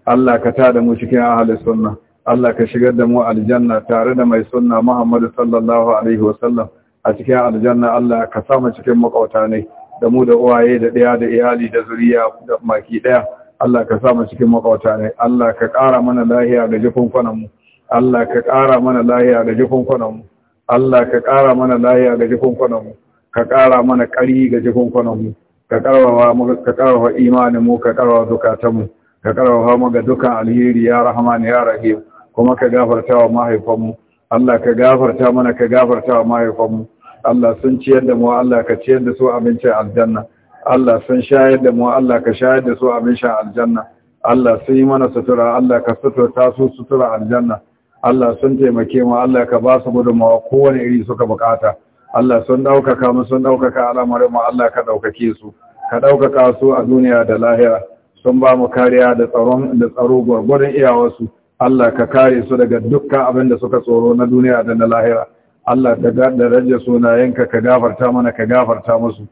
S1: Allah ka tada mu cikin ahli sunna Allah ka shigar da mu aljanna tare da mai sunna Muhammad sallallahu alaihi wasallam a cikin aljanna Allah ka sa mu cikin makauta ne da mu da uwaye da ɗaya da iyali da zuriya da maki ɗaya. Allah ka sa mu cikin makauta ne Allah ka ƙara mana lahiya da ga kwanan mu Allah ka ƙara mana lahiya da ga kwanan mu Allah ka ƙara mana lahiya ga jikunkunan mu ka ƙara mana ƙari ga jikin mu ka ƙarfafa mu ka ƙarfafa imanin mu ka ƙarfafa zukatan mu ka ƙarfafa mu ga dukan alheri ya rahman ya rahim kuma ka gafarta wa mahaifan mu Allah ka gafarta mana ka gafarta wa mahaifan mu Allah sun ciyar da mu Allah ka ciyar da su abincin aljanna Allah sun shayar da mu Allah ka shayar da su abin sha aljanna Allah sun yi mana sutura Allah ka sutura ta su sutura aljanna Allah sun taimake mu Allah ka ba su gudunmawa kowane iri suka bukata Allah sun ɗaukaka mu sun ɗaukaka al'amarin mu Allah ka ɗaukake su ka ɗaukaka su a duniya da lahira sun ba mu kariya da tsaron da tsaro gwargwadon iyawarsu Allah ka kare su daga dukkan abin da suka tsoro na duniya da na lahira Allah ka ga daraja sunayenka ka gafarta mana ka gafarta musu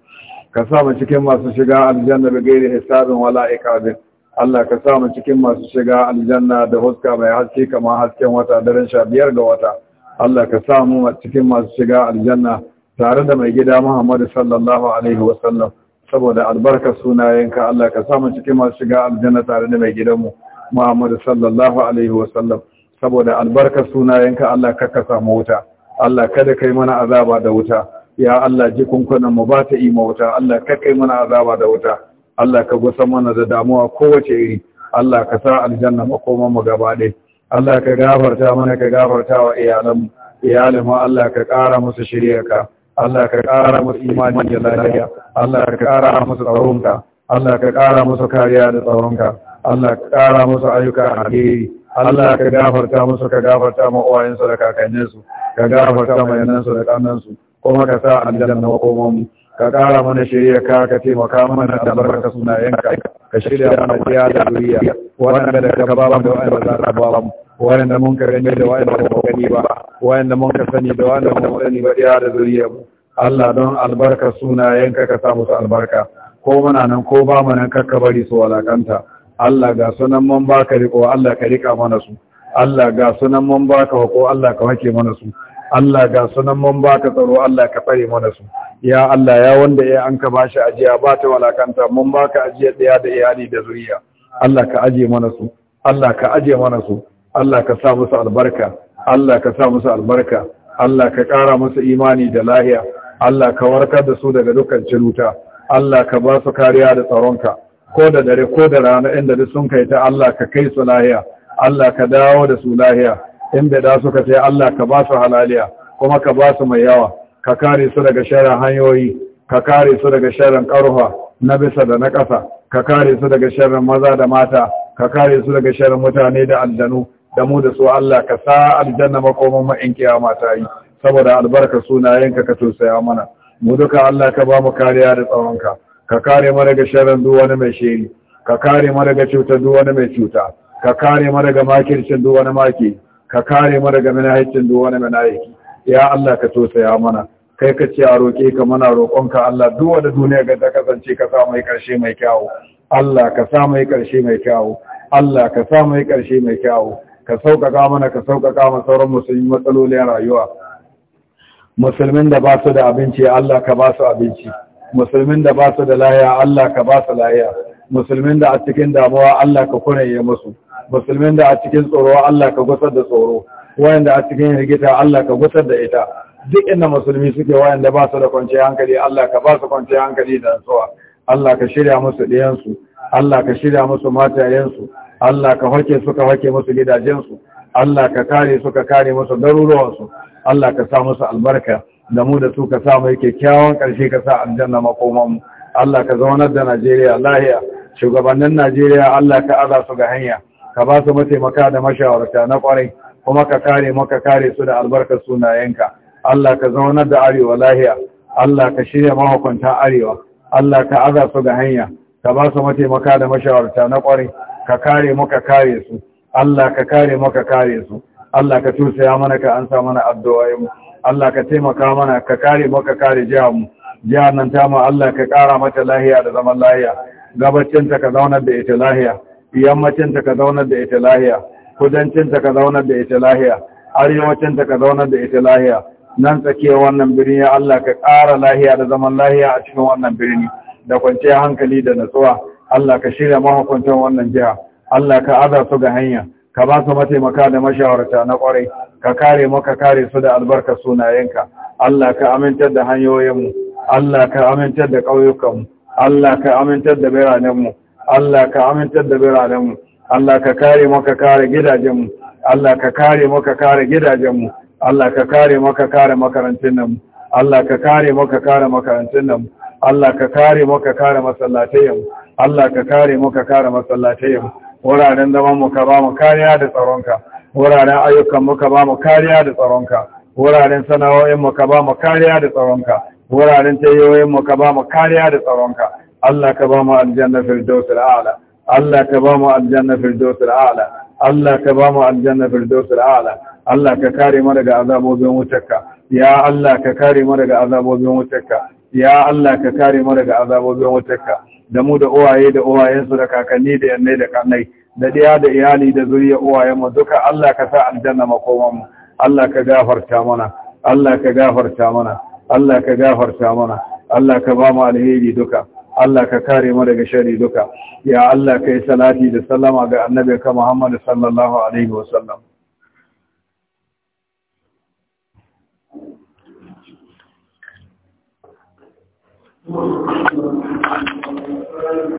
S1: ka sa mu cikin masu shiga aljanna bi gairi hisabin wala iqabin Allah ka sa mu cikin masu shiga aljanna da huska mai haske kamar hasken wata daren sha biyar ga wata Allah ka sa mu cikin masu shiga aljanna tare da mai gida Muhammadu sallallahu alaihi wa sallam saboda albarka sunayenka Allah ka sa mu cikin masu shiga aljanna tare da mai gidanmu Muhammad sallallahu alaihi wa sallam saboda albarka sunayenka Allah ka ka samu wuta Allah kada kai mana azaba da wuta ya Allah ji kunkunan mu ba ta yi ma wuta Allah ka kai mana azaba da wuta Allah ka gusa mana da damuwa kowace iri Allah ka sa aljanna makoman mu gaba ɗaya Allah ka gafarta mana ka gafarta wa iyalan iyalan Allah ka ƙara musu shiryarka Allah ka ƙara musu imani da lafiya Allah ka ƙara musu tsaronka Allah ka ƙara musu kariya da tsaronka Allah ka ƙara musu ayyuka alheri Allah ka gafarta musu ka gafarta ma uwayensu da kakanninsu
S2: ka gafarta ma yanansu
S1: da kannansu kuma ka sa aljanna makoman mu ka ƙara mana shirya ka ka taimaka mana da barka sunayenka ka shirya mana jiya da duniya wanda da ka ba da wanda za ka babu mu wanda mun ka gani da wanda ba ka gani ba wanda mun ka sani da wanda ba mu sani ba jiya da duniya mu Allah don albarka sunayenka ka sa musu albarka ko muna nan ko ba mu nan kakka bari su walakanta Allah ga sunan mun baka riko Allah ka rika mana su Allah ga sunan mun baka ko Allah ka wake mana su Allah ga sunan mun baka tsaro Allah ka tsare mana su ya Allah ya wanda ya an ka bashi ajiya ba ta walakanta mun baka ajiya daya da iyali da zuriya Allah ka aje mana su Allah ka aje mana su Allah ka sa musu albarka Allah ka sa musu albarka Allah ka ƙara musu imani da lahiya Allah ka warkar da su daga dukkan ciruta Allah ka ba su kariya da tsaronka ko da dare ko da rana inda duk sun kai ta Allah ka kai su lahiya Allah ka dawo da su lahiya in da suka ce Allah ka ba su halaliya kuma ka ba su mai yawa ka kare su daga sharar hanyoyi ka kare su daga sharar karuwa na bisa da na ƙasa ka kare su daga sharar maza da mata ka kare su daga sharar mutane da aljanu da mu da su Allah ka sa aljanna makoman ma'in kiyama ta yi saboda albarka sunayenka ka tosaya mana mu duka Allah ka ba mu kariya da tsawonka ka kare mu daga sharar duk wani mai shiri ka kare mu daga cutar duk wani mai cuta ka kare mu daga makircin duk wani maki ka kare mu daga manahicin duk wani manahiki ya Allah ka tosaya mana kai ka ce a roƙe ka mana roƙonka Allah duk wani duniya ga ta kasance ka sa mai ƙarshe mai kyawu Allah ka sa mai ƙarshe mai kyawu Allah ka sa mai ƙarshe mai kyawu ka sauƙaƙa mana ka sauƙaƙa ma sauran musulmi matsalolin rayuwa musulmin da ba su da abinci Allah ka ba su abinci musulmin da ba su da lahiya Allah ka ba su lahiya musulmin da a cikin damuwa Allah ka kunaye musu musulmin da a cikin tsoro Allah ka gusar da tsoro wayanda a cikin rigita Allah ka gusar da ita duk inda musulmi suke wayanda ba su da kwanciyar hankali Allah ka ba su kwanciyar hankali da nutsuwa Allah ka shirya musu ɗiyansu Allah ka shirya musu su Allah ka hake su ka hake musu gidajensu Allah ka kare su ka kare musu garuruwansu Allah ka sa musu albarka da mu da su ka sa mai kyakkyawan karshe ka sa aljanna mu. Allah ka zaunar da Najeriya lahiya shugabannin Najeriya Allah ka aza su ga hanya ka ba su mataimaka da mashawarta na kwarai kuma ka kare maka kare su da albarkar sunayenka Allah ka zaunar da arewa lahiya Allah ka shirya mahukunta arewa Allah ka aza su ga hanya ka ba su mataimaka da mashawarta na kwarai ka kare maka kare su Allah ka kare maka kare su Allah ka tusaya mana ka ansa mana addu'o'in Allah ka taimaka mana ka kare maka kare jihar mu jihar nan ta mu Allah ka kara mata lahiya da zaman lahiya gabacinta ka zaunar da ita lahiya yammacin ta ka zaunar da ita lahiya kudancin ta ka zaunar da ita lahiya arewacin ta ka zaunar da ita lahiya nan tsakiyar wannan birni ya Allah ka ƙara lahiya da zaman lahiya a cikin wannan birni da kwanciyar hankali da natsuwa Allah ka shirya mahukuntan wannan jiha Allah ka aza su ga hanya ka ba su mataimaka da mashawarta na kwarai ka kare mu ka kare su da albarka sunayenka Allah ka amintar da hanyoyinmu Allah ka amintar da ƙauyukanmu Allah ka amintar da biranenmu Allah ka amintar da biranenmu Allah ka kare maka kare gidajenmu Allah ka kare maka kare gidajenmu Allah ka kare maka kare makarantun nan Allah ka kare maka kare makarantun nan Allah ka kare maka kare masallatayen Allah ka kare maka kare masallatayen wuraren zaman mu ka ba mu kariya da tsaronka wuraren ayyukan mu ka ba mu kariya da tsaronka wuraren sana'o'in mu ka ba mu kariya da tsaronka wuraren tayoyin mu ka ba mu kariya da tsaronka Allah ka ba mu aljanna firdaus al'ala Allah ka ba mu aljanna firdaus al'ala Allah ka ba mu aljanna firdaus al'ala Allah ka kare mu daga azabobin wutarka ya Allah ka kare mu daga azabobin wutarka ya Allah ka kare mu daga azabobin wutarka da mu da uwaye da uwayen su da kakanni da yanne da kannai da diya da iyali da zuriya mu duka Allah ka sa aljanna mu. Allah ka gafarta mana Allah ka gafarta mana Allah ka gafarta mana Allah ka ba mu alheri duka Allah ka kare mu daga shari duka ya Allah kai salati da sallama ga annabi ka Muhammad sallallahu alaihi sallam Thank you.